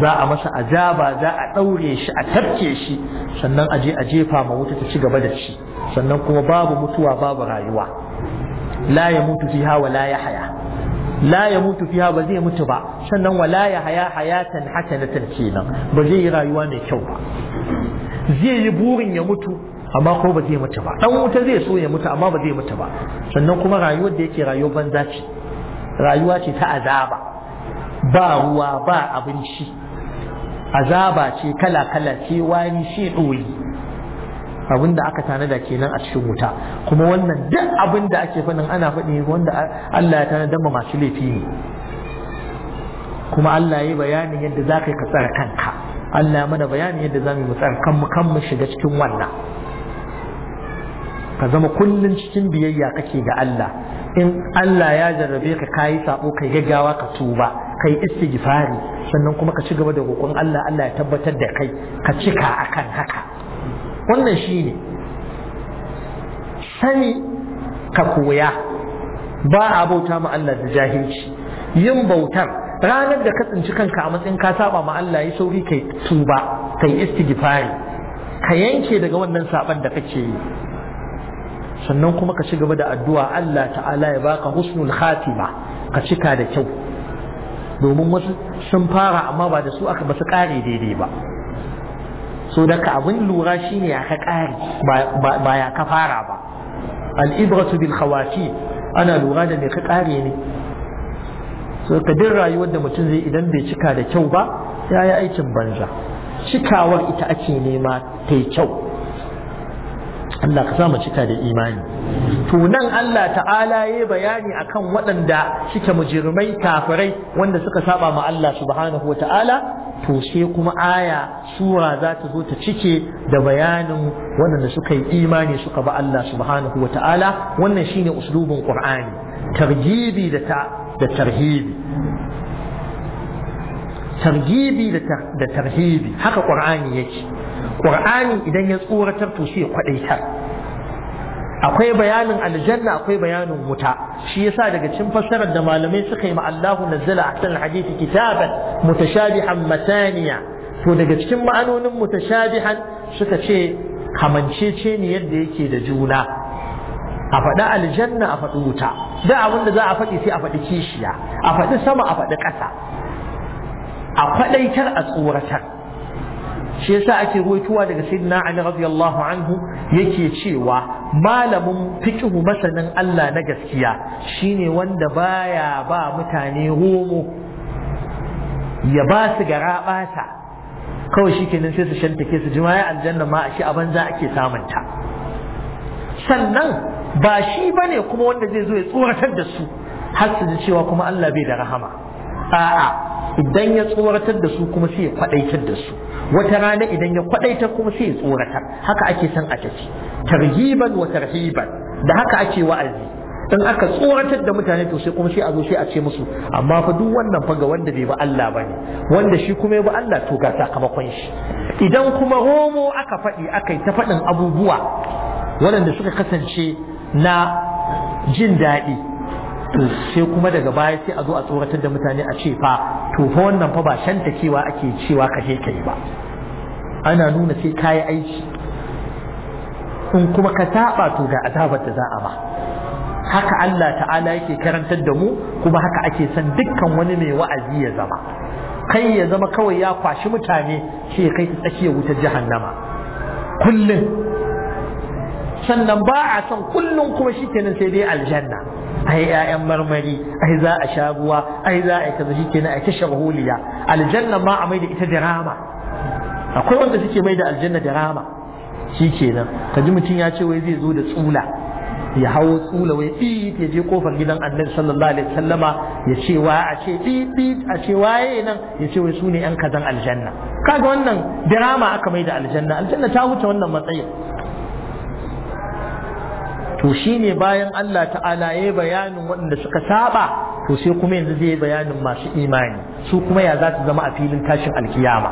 S1: za a masa azaba za a ɗaure shi a tafke shi sannan a je a jefa ma wuta ta ci gaba da shi sannan kuma babu mutuwa babu rayuwa la ya mutu fiha wa la ya haya la ya mutu fiha ba zai mutu ba sannan wa la ya haya hayatan hasanatan kenan ba zai yi rayuwa mai kyau ba zai yi burin ya mutu amma ko ba zai mutu ba dan wuta zai so ya mutu amma ba zai mutu ba sannan kuma rayuwar da yake rayuwar banza ce rayuwa ce ta azaba ba ruwa ba abinci azaba ce kala-kala ce wani shi ɗoyi abin da aka tanada kenan a cikin wuta kuma wannan duk abin da ake fanin ana faɗi wanda Allah ya tanadar ma masu laifi ne kuma Allah ya yi bayanin yadda za ka yi ka tsare kanka Allah ya mana bayanin yadda za mu tsare kanmu kan mu shiga cikin wannan ka zama kullum cikin biyayya kake ga Allah in Allah ya jarrabe ka kayi sabo kai gaggawa ka tuba kai istighfari sannan kuma ka ci gaba da roƙon Allah Allah ya tabbatar da kai ka cika akan haka wannan shine sani ka koya ba a bauta ma Allah da jahilci yin bautar ranar da ka tsinci kanka a matsayin ka saba ma Allah ya sauri kai tuba kai istighfari ka yanke daga wannan saban da kake yi sannan kuma ka ci gaba da addu'a Allah ta'ala ya baka husnul khatima ka cika da kyau domin wasu sun fara amma ba da su aka ba su kare daidai ba so daga abin lura shine ya ka kare ba ya ka fara ba al'ibratu bil khawati ana lura da me ka kare ne so ka din rayuwar da mutum zai idan bai cika da kyau ba ya yi aikin banza cikawar ita ake nema ta kyau Allah ka samu cika da imani to nan Allah ta'ala ya bayani akan waɗanda suke mujirmai kafirai wanda suka saba ma Allah subhanahu wa ta'ala to sai kuma aya sura za ta zo ta cike da bayanin waɗanda suka yi imani suka ba Allah subhanahu wa ta'ala wannan shine uslubin Qur'ani targibi da ta da tarhibi targibi da tarhibi haka Qur'ani yake qur'ani idan ya tsoratar to sai kwadaitar akwai bayanin aljanna akwai bayanin wuta shi yasa daga cikin fassarar da malamai suka yi ma Allahu nazzala ahsan hadisi kitaban mutashabihan mataniya to daga cikin ma'anonin mutashabihan suka ce kamancece ne yadda yake da juna a faɗi aljanna a faɗi wuta da abin da za a faɗi sai a faɗi kishiya a faɗi sama a faɗi ƙasa a kwaɗaitar a tsoratar shi yasa ake ruwaitowa daga sayyidina ali radiyallahu anhu yake cewa malamin fiqhu masanin Allah na gaskiya shine wanda baya ba mutane romo ya ba su gara bata kawai shikenan sai su shantake su jima'i aljanna ma a shi a banza ake samunta sannan ba shi bane kuma wanda zai zo ya tsoratar da su har su ji cewa kuma Allah bai da rahama a'a idan ya tsoratar da su kuma sai ya kwadaitar da su wata rana idan ya kwadaitar kuma sai ya tsoratar haka ake san a tafi tarhiban wa tarhiban da haka ake wa'azi in aka tsoratar da mutane to sai kuma sai a zo sai a ce musu amma fa duk wannan fa ga wanda bai ba Allah bane wanda shi kuma ya ba Allah to ga sakamakon shi idan kuma homo aka faɗi aka yi ta faɗin abubuwa waɗanda suka kasance na jin daɗi to sai kuma daga baya sai a zo a tsoratar da mutane a ce fa to fa wannan fa ba shan kewa ake cewa ka yi ba ana nuna sai kayi aiki in kuma ka saba to ga azabar da za a ba haka Allah ta'ala yake karantar da mu kuma haka ake son dukkan wani mai wa'azi ya zama kai ya zama kawai ya kwashi mutane shi kai ta tsakiyar wutar jahannama kullum sannan ba a son kullum kuma shi kenan sai dai aljanna ai ƴaƴan marmari ai za a sha ruwa ai za a yi kaza shi kenan a ta sharholiya aljanna ma a mai da ita dirama akwai wanda suke mai da aljanna dirama shi kenan kaji mutum ya ce wai zai zo da tsula ya hawo tsula wai bit ya je kofar gidan annabi sallallahu alaihi wasallama ya ce wa a ce bit a ce waye nan ya ce wai su ne yan kazan aljanna kaga wannan dirama aka mai da aljanna aljanna ta wuce wannan matsayin to shine bayan Allah ta'ala ya bayanin waɗanda suka saba to sai kuma yanzu zai bayanin masu imani su kuma ya za su zama a filin tashin alkiyama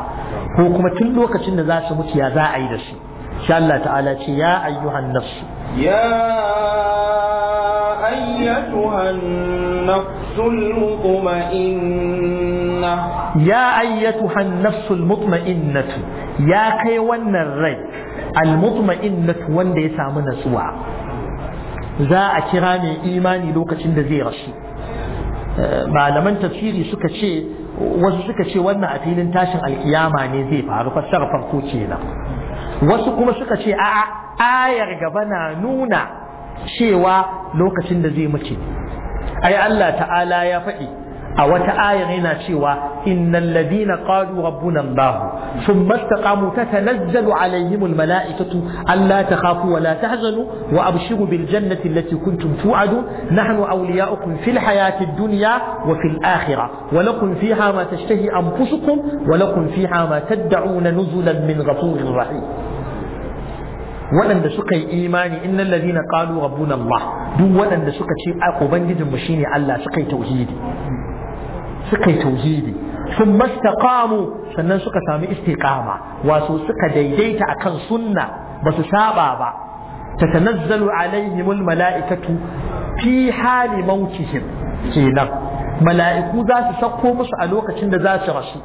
S1: ko kuma tun lokacin da za su mutu ya za a yi da su insha Allah ta'ala ce ya ayyuhan nafs
S2: ya ayyatuhan nafsul mutma'inna
S1: ya ayyatuhan nafsul mutma'innatu ya kai wannan rai al mutma'innatu wanda ya samu natsuwa za a kira mai imani lokacin da zai rasu eh, malaman tafsiri suka ce wasu suka ce wannan a filin tashin alkiyama ne zai faru fassara farko kenan wasu kuma suka ce a ayar gaba na nuna cewa lokacin da zai mace ai Allah ta'ala ya faɗi a wata ayar yana cewa innal ladina qalu rabbuna Allah thumma istaqamu tatanazzalu alaihim al mala'ikatu alla takhafu wa la tahzanu wa abshiru bil jannati allati kuntum tu'adu nahnu awliya'ukum fil hayati dunya wa fil akhirah wa lakum fiha ma tashtahi anfusukum wa lakum fiha ma tad'una nuzulan min ghafurir rahim waɗanda suka yi imani innal ladina qalu rabbuna Allah duk waɗanda suka ce ubangijinmu shine Allah suka yi tauhidi suka yi tauhidi sun mastaqamu sannan suka sami istiqama wato suka daidaita akan sunna ba su saba ba tatanazzalu alaihimul mala'ikatu fi hali mautihim kenan mala'iku za su sako musu a lokacin da za su rasu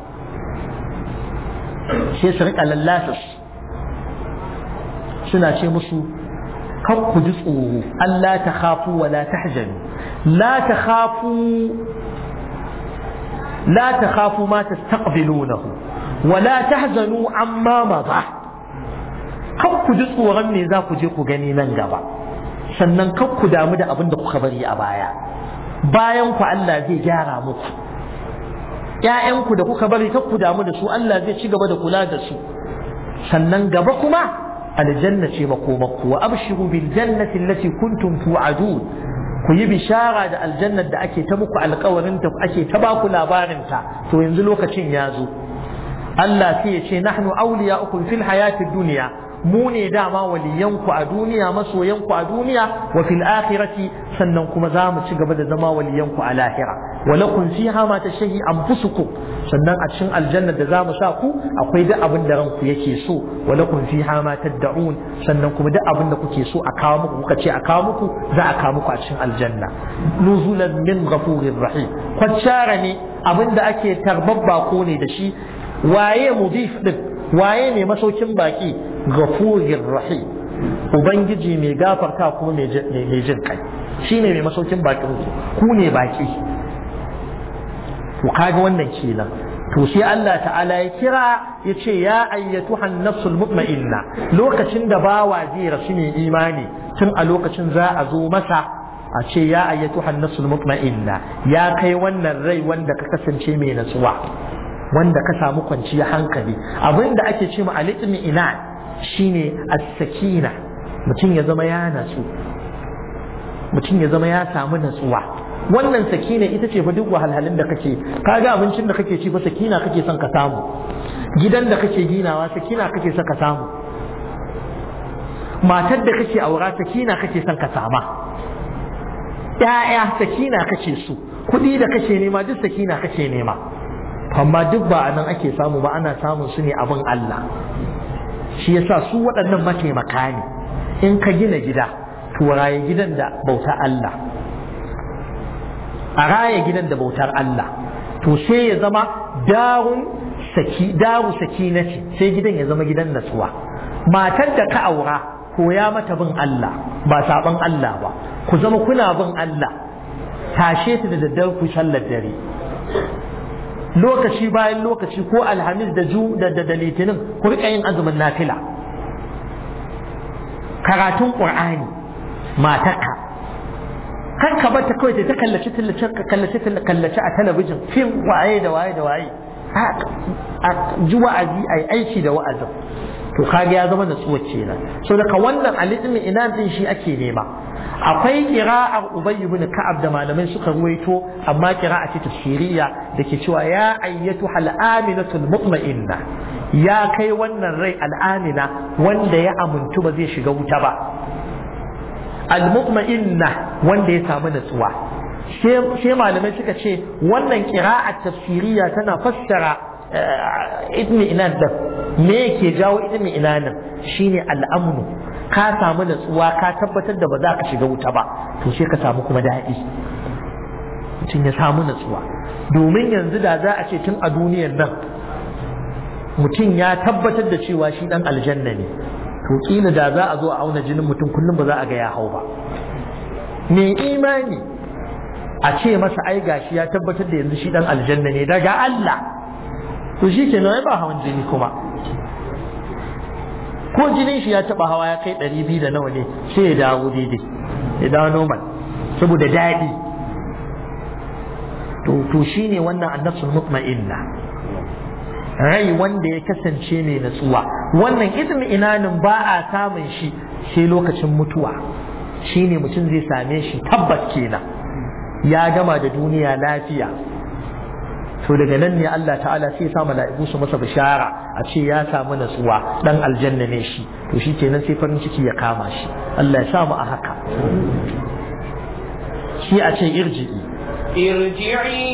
S1: sai su rika lallasa suna ce musu kan ku ji tsoro Allah ta khafu wa la tahzanu la ta khafu la takhafu ma tastaqbilunahu wa la tahzanu amma madha ku ji tsoron me za ku je ku gani nan gaba sannan kan ku damu da abin da kuka bari a baya bayan ku Allah zai gyara muku ‘ya'yanku da kuka bari kan ku damu da su Allah zai ci gaba da kula da su sannan gaba kuma aljanna ce makomakku wa abshiru bil jannati allati kuntum tu'adun ku yi bishara da aljannar da ake ta muku alkawarin ta ake ta baku labarin ta to yanzu lokacin ya zo Allah sai ya ce nahnu awliya'ukum fil hayati dunya mu ne dama waliyanku a duniya masoyanku a duniya wa fil akhirati sannan kuma za mu ci gaba da zama waliyanku a lahira wa lakum fiha ma tashhi anfusukum sannan a cikin aljanna da za mu sa ku akwai duk abin da ranku yake so wa lakum fiha ma tad'un sannan kuma duk abin da kuke so a kawo muku kuka ce a kawo muku za a kawo muku a cikin aljanna nuzulan min ghafurir rahim kwacara ne abin da ake tarbabba bako ne da shi waye mudif din waye ne masaukin baki ghafurir rahim ubangiji mai gafarta kuma mai jin kai shine mai masaukin baki ku ne baki to kaga wannan kenan to sai Allah ta'ala ya kira ya ce ya ayyatuhan nafsul mutma'inna lokacin da bawa zai rasu ne imani tun a lokacin za a zo masa a ce ya ayyatuhan nafsul mutma'inna ya kai wannan rai wanda ka kasance mai natsuwa wanda ka samu kwanciyar hankali da ake ce ma alitmi ina shine as-sakina mutum ya zama ya natsu mutum ya zama ya samu natsuwa wannan sakina ita ce fa duk wahalhalun da kake kaga abincin da kake ci fa sakina kake son ka samu gidan da kake ginawa sakina kake son ka samu matar da kake aura sakina kake son ka sama ƴaƴa sakina kake su kuɗi da kake nema duk sakina kake nema amma duk ba a nan ake samu ba ana samun su ne abin Allah shi yasa su waɗannan mataimaka ne in ka gina gida to raye gidan da bauta Allah a raya gidan da bautar Allah to sai ya zama darun saki daru saki na ce sai gidan ya zama gidan natsuwa matar da ka aura koya mata bin Allah ba saban Allah ba ku zama kuna bin Allah tashe ta da daddare ku sallar dare lokaci bayan lokaci ko alhamis da ju da da litinin ku rika yin azumin nafila karatun qur'ani matarka Kar ka bata kawai ta kallace tallace kallace kallace a talabijin fim waye da waye da waye a ji wa'azi ai aiki da wa'azin to kage ya zama natsuwa kenan so daga wannan alilmi ina din shi ake nema akwai qira'ar Ubayyu ibn ka'ab da malamai suka ruwaito amma qira'a ce tafsiriya da ke cewa ya ayyatu hal aminatul mutma'inna ya kai wannan rai al'amina wanda ya amuntu ba zai shiga wuta ba al wanda ya samu natsuwa sai malamai suka ce wannan qira'a tafsiriya tana fassara eh, idmi da me yake jawo idmi inanin shine al'amnu ka samu natsuwa ka tabbatar da ba za ka shiga wuta ba to sai ka samu kuma daɗi mutum ya samu natsuwa domin yanzu da za a ce tun a duniyar nan mutum ya tabbatar da cewa shi ɗan aljanna ne to kila da za a zo a auna jinin mutum kullum ba za a ga ya hau ba me imani a ce masa ai gashi ya tabbatar da yanzu shi dan aljanna ne daga Allah to shi ke ba hawan jini kuma ko jinin shi ya taba hawa ya kai ɗari biyu da nawa ne sai ya dawo daidai ya dawo normal saboda daɗi to to ne wannan annasul mutma'inna rai wanda ya kasance mai natsuwa wannan ina inanin ba a samun shi sai lokacin mutuwa shine mutum zai same shi tabbas kenan ya gama da duniya lafiya to daga nan ne Allah ta'ala sai ya sa mala'iku su masa bishara a ce ya samu natsuwa dan aljanna ne shi to shi kenan sai farin ciki ya kama shi Allah ya sa mu a haka shi a ce irji'i
S2: irji'i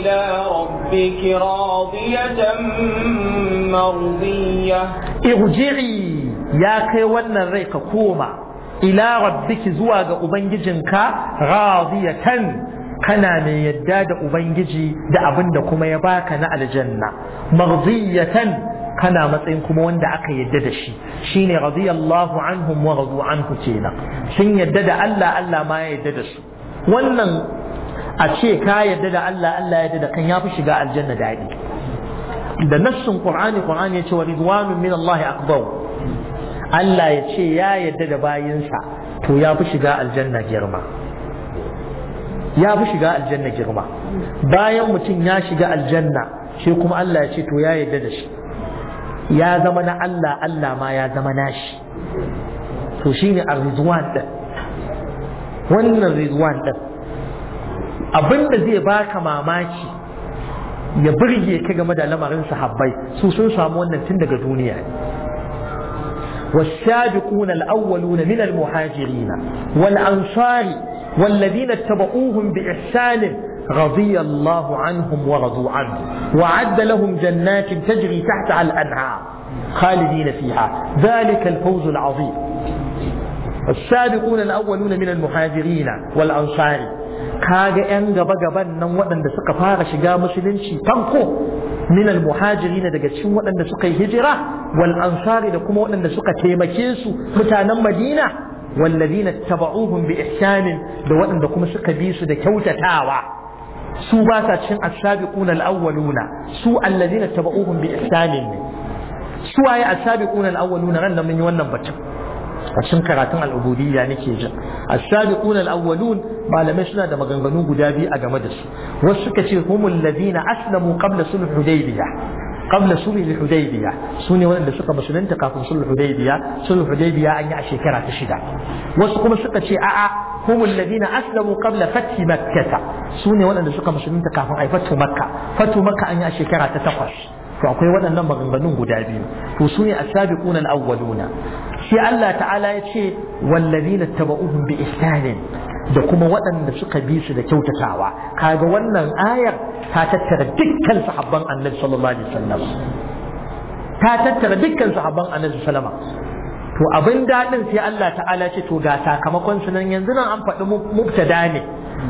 S2: ila ربك راضية مرضية
S1: ارجعي يا كي ونن ريك كوما إلى ربك زواج أبنججنك راضية kana mai yadda da ubangiji da abin da kuma ya baka na aljanna marziyatan kana matsayin kuma wanda aka yadda da shi shine radiyallahu anhum wa radu anhu kenan sun yadda da Allah Allah ma ya yadda da su wannan a ce ka yarda da Allah Allah ya yarda da kan ya fi shiga aljanna daɗi da nassin qur'ani qur'ani ya ce wa ridwanun min Allah akbar Allah ya ce ya yarda da bayinsa to ya fi shiga aljanna girma ya fi shiga aljanna girma bayan mutum ya shiga aljanna shi kuma Allah ya ce to ya yarda da shi ya zama na Allah Allah ma ya zama shi. to shine arzuwan din wannan rizwan din abinda zai baka mamaki ya burge ka game da lamarin sahabbai su sun samu wannan tun daga duniya والسابقون الأولون من المهاجرين والأنصار والذين اتبعوهم بإحسان رضي الله عنهم ورضوا عنه وعد لهم جنات تجري تحتها الأنهار خالدين فيها ذلك الفوز العظيم السابقون الأولون من المهاجرين والأنصار kaga yan gaba gaban nan waɗanda suka fara shiga musulunci tanko muhajiri almuhajirin daga cikin waɗanda suka yi hijira wal ansari da kuma waɗanda suka taimake su mutanen madina walladina tabauhum bi ihsanin da waɗanda kuma suka bi su da kyautatawa su ba sa cikin asabiqun alawwaluna su alladina tabauhum bi ihsanin ne su waye asabiqun alawwaluna ran da mun yi wannan batun a cikin karatun al'ubudiyya nake ji as-sabiquna al-awwalun malamai suna da maganganu guda biyu a game da su wasu suka ce humul ladina aslamu qabla sulh hudaybiyah qabla sulh hudaybiyah sune waɗanda suka musulunta kafin sulh hudaybiyah sulh hudaybiyah an yi a shekara ta shida wasu kuma suka ce a'a humul ladina aslamu qabla fath makkah sune waɗanda suka musulunta kafin ai fatu makka fatu makka an yi a shekara ta takwas to akwai waɗannan maganganun guda biyu to su ne asabiquna al-awwaluna sai Allah ta'ala ya ce na taba'uhum bi ihsanin da kuma waɗanda suka bi su da kyautatawa kaga wannan ayar ta tattara dukkan sahabban annabi sallallahu alaihi wasallam ta tattara dukkan sahabban annabi sallama to abin dadin sai Allah ta'ala ce to ga sakamakon su nan yanzu nan an faɗi mubtada ne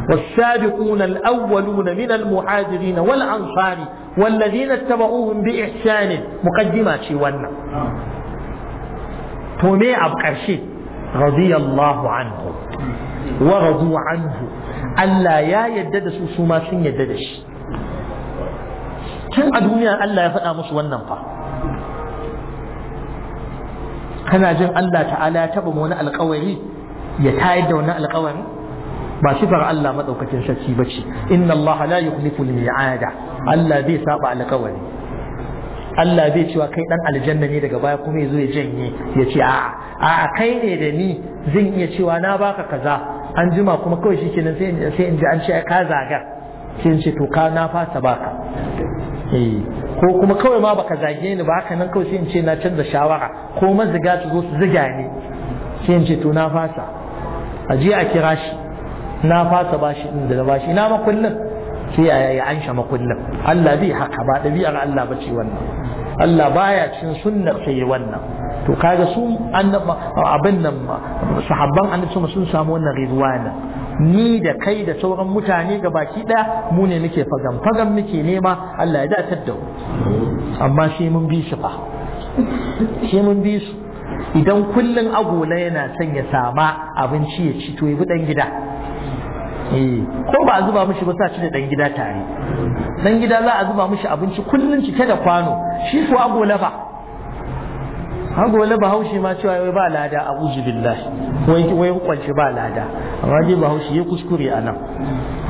S1: والسابقون الأولون من المهاجرين والأنصار والذين اتبعوهم بإحسان مقدمة شي wannan to me a ƙarshe radiyallahu anhu wa radu anhu Allah ya yadda da su su ma sun yadda da shi tun a duniya Allah ya faɗa musu wannan fa kana jin Allah ta'ala ya taɓa wani alƙawari ya tayar da wani alƙawari ba fara Allah maɗaukacin sarki ba ce inna Allah la yukhlifu miada Allah zai saba alƙawari Allah bai cewa kai dan aljanna ne daga baya kuma yazo ya janye ya ce a'a a'a kai ne da ni zan iya cewa na baka kaza an jima kuma kawai shikenan sai sai in ji an ce ka zagar sai in ce to ka na fasa baka eh ko kuma kawai ma baka zage ni ba haka nan kawai sai in ce na canza shawara ko maziga su zo su ziga ni sai in ce to na fasa a je a kira shi na fasa bashi din da bashi na ma kullum sai ya ansha makullin Allah zai haka ba ɗabi'ar Allah ba ce wannan Allah baya cin sunnar sai ya wannan to kaga su abin nan sahabban annabi sun samu wannan nan ni da kai da sauran mutane ga baki ɗaya mu ne muke fagan fagan muke nema Allah ya datar da mu amma shi mun bi shi fa shi mun bi su idan kullun agola yana son ya sama abinci ya ci to ya bi dan gida Eh, ko ba a zuba mishi ba sa cire dan gida tare dan gida za a zuba mishi abinci kullun cike da kwano shi ko agola ba agola ba haushi ma cewa wai ba lada a uji billahi wai wai kwanci ba lada amma dai ba haushi ya kuskure a nan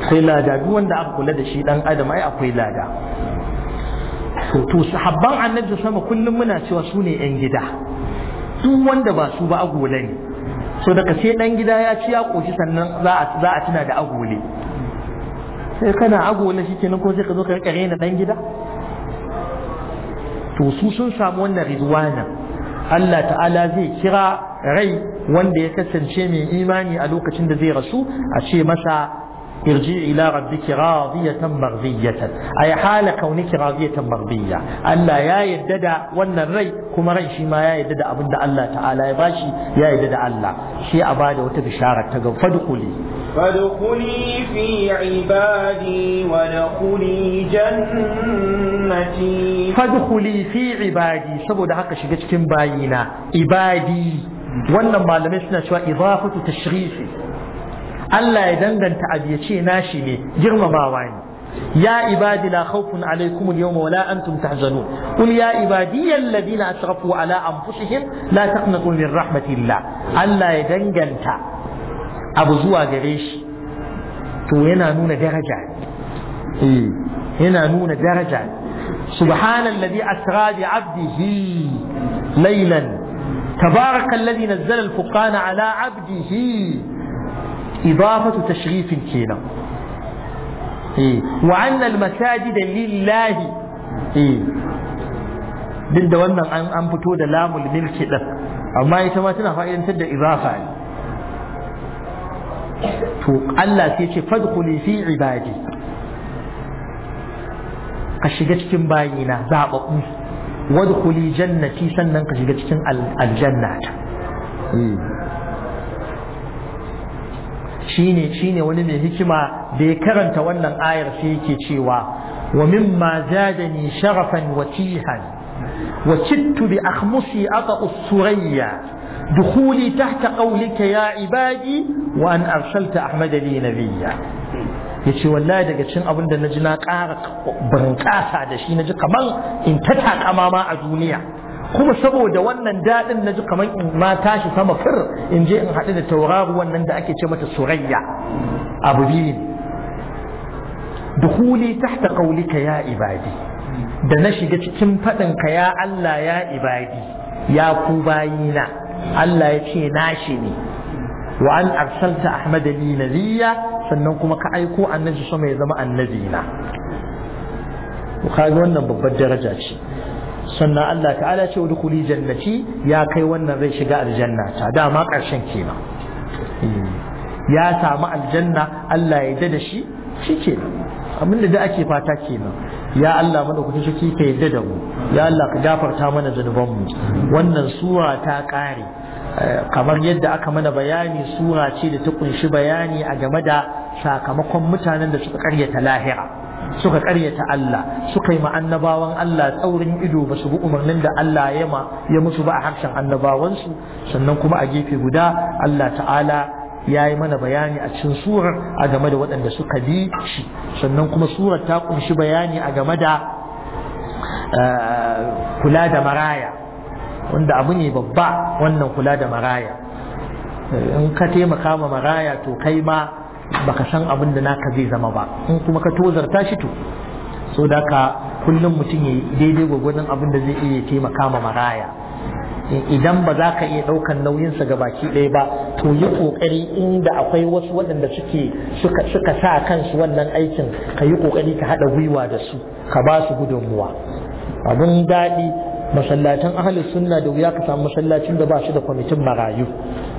S1: akwai lada duk wanda aka kula da shi dan adam ai akwai lada to sahabban annabi sama kullun muna cewa su ne yan gida duk wanda ba su ba agola ne so daga sai dan gida ya ci ya koshi sannan za a za a tuna da agole sai kana agole shi kenan ko sai ka zo ka kare na dan gida to su sun samu wannan ridwana Allah ta'ala zai kira rai wanda ya kasance mai imani a lokacin da zai rasu a ce masa Kirji ila rabbiki radiyatan mardiyatan ay hala kauniki radiyatan mardiya Allah ya yadda da wannan rai kuma rai shi ma ya yadda da abinda Allah ta'ala ya bashi ya yadda da Allah shi a bada wata bishara ta ga fadkhuli
S2: fadkhuli fi ibadi wa dakhuli jannati
S1: fadkhuli fi ibadi saboda haka shiga cikin bayina ibadi wannan malamai suna cewa idafatu tashrifi Allah ya danganta abu ya ce nashi ne girmamawa ne يا عبادي لا خوف عليكم اليوم ولا أنتم تحزنون قل يا عبادي الذين أشرفوا على أنفسهم لا تقنطوا من رحمة الله ألا يدنجنت أبو زوا قريش تو هنا نون درجة هنا نون درجة سبحان الذي أسرى بعبده ليلا تبارك الذي نزل الفقان على عبده ta shirifin kenan wa anna al-masajid duk da wannan an fito da lamul milki din amma ita ma tana fa'idantar da idafa ne to Allah sai ce fadkhuli fi ibadi ka shiga cikin bayina zababbu wadkhuli jannati sannan ka shiga cikin aljanna ta shine ne wani mai hikima da ya karanta wannan ayar sai yake cewa wa mimma zadani sharafan wa tihan wa kittu bi akhmusi ata surayya dukhuli tahta qawlika ya ibadi wa an arsalta ahmada li nabiyya yace wallahi daga cikin abin da naji na ƙara bunƙasa da shi naji kamar in ta takama ma a duniya kuma saboda wannan daɗin na ji kamar in ma tashi sama fir in je in haɗu da tauraruwan wannan da ake ce mata surayya abu biyu dukuli tahta qaulika ya ibadi da na shiga cikin faɗin ka ya Allah ya ibadi ya ku bayina Allah ya ce nashi ne wa an arsalta ahmad li nabiyya sannan kuma ka aiko annabi sama ya zama annabina kaga wannan babbar daraja ce sannan Allah ta'ala ce wani kuli jannati ya kai wannan zai shiga aljanna ta dama ƙarshen kenan hmm. ya samu aljanna Allah ya da shi shi kenan abinda da ake fata kenan ya Allah madaukakin shi ka yadda da mu ya Allah ka gafarta mana mu. wannan sura ta ƙare eh, kamar yadda aka mana bayani sura ce da ta kunshi bayani a game da sakamakon mutanen da suka karyata lahira suka karyata Allah suka yi ma annabawan Allah tsaurin ido ba su bi umarnin da Allah ya ma ya musu ba a harshen annabawansu sannan kuma a gefe guda Allah ta'ala ya yi mana bayani a cikin surar a game da waɗanda suka bi shi sannan kuma surar ta kunshi bayani a game da eh, kula da maraya wanda abu ne babba wannan kula da maraya eh, in ka taimaka ma maraya to kai ma baka san abin da naka zai zama ba in kuma ka tozarta shi to so da ka kullum mutum ya daidai gwagwanin abin da zai iya taimaka ma maraya idan ba za ka iya ɗaukan nauyinsa ga baki ɗaya ba to yi ƙoƙari inda akwai wasu waɗanda suke suka sa kansu wannan aikin ka yi ƙoƙari ka haɗa gwiwa da su ka ba su gudunmuwa abin daɗi masallacin ahalus sunna da wuya ka samu masallacin da ba shi da kwamitin marayu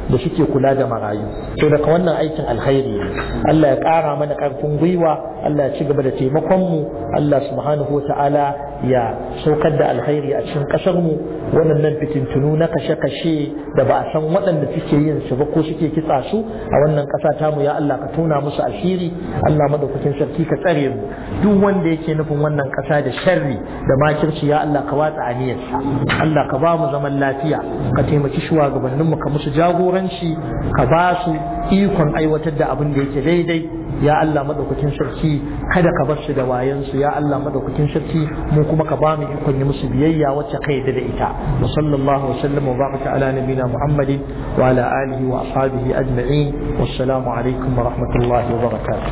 S1: da suke kula da marayu to daga wannan aikin alkhairi ne Allah ya kara mana karfin gwiwa Allah ya ci gaba da taimakon mu Allah subhanahu ta'ala ya saukar da alkhairi a cikin ƙasar mu waɗannan fitintunu na kashe-kashe da ba a san waɗanda suke yin su ba ko suke kitsa su a wannan ƙasa ta mu ya Allah ka tona musu asiri Allah madaukakin sarki ka tsare mu duk wanda yake nufin wannan ƙasa da sharri da makirci ya Allah ka watsa aniyarsa Allah ka ba mu zaman lafiya ka taimaki shugabanninmu ka musu jagora jagoranci ka ba su ikon aiwatar da abin da yake daidai ya Allah madaukakin sarki kada ka bar su da wayansu ya Allah madaukakin sarki mu kuma ka ba mu ikon yi musu biyayya wacce ka yarda da ita wa sallallahu wa sallam wa baraka ala nabina muhammadin wa ala alihi wa ashabihi ajma'in wassalamu alaikum wa rahmatullahi wa barakatuh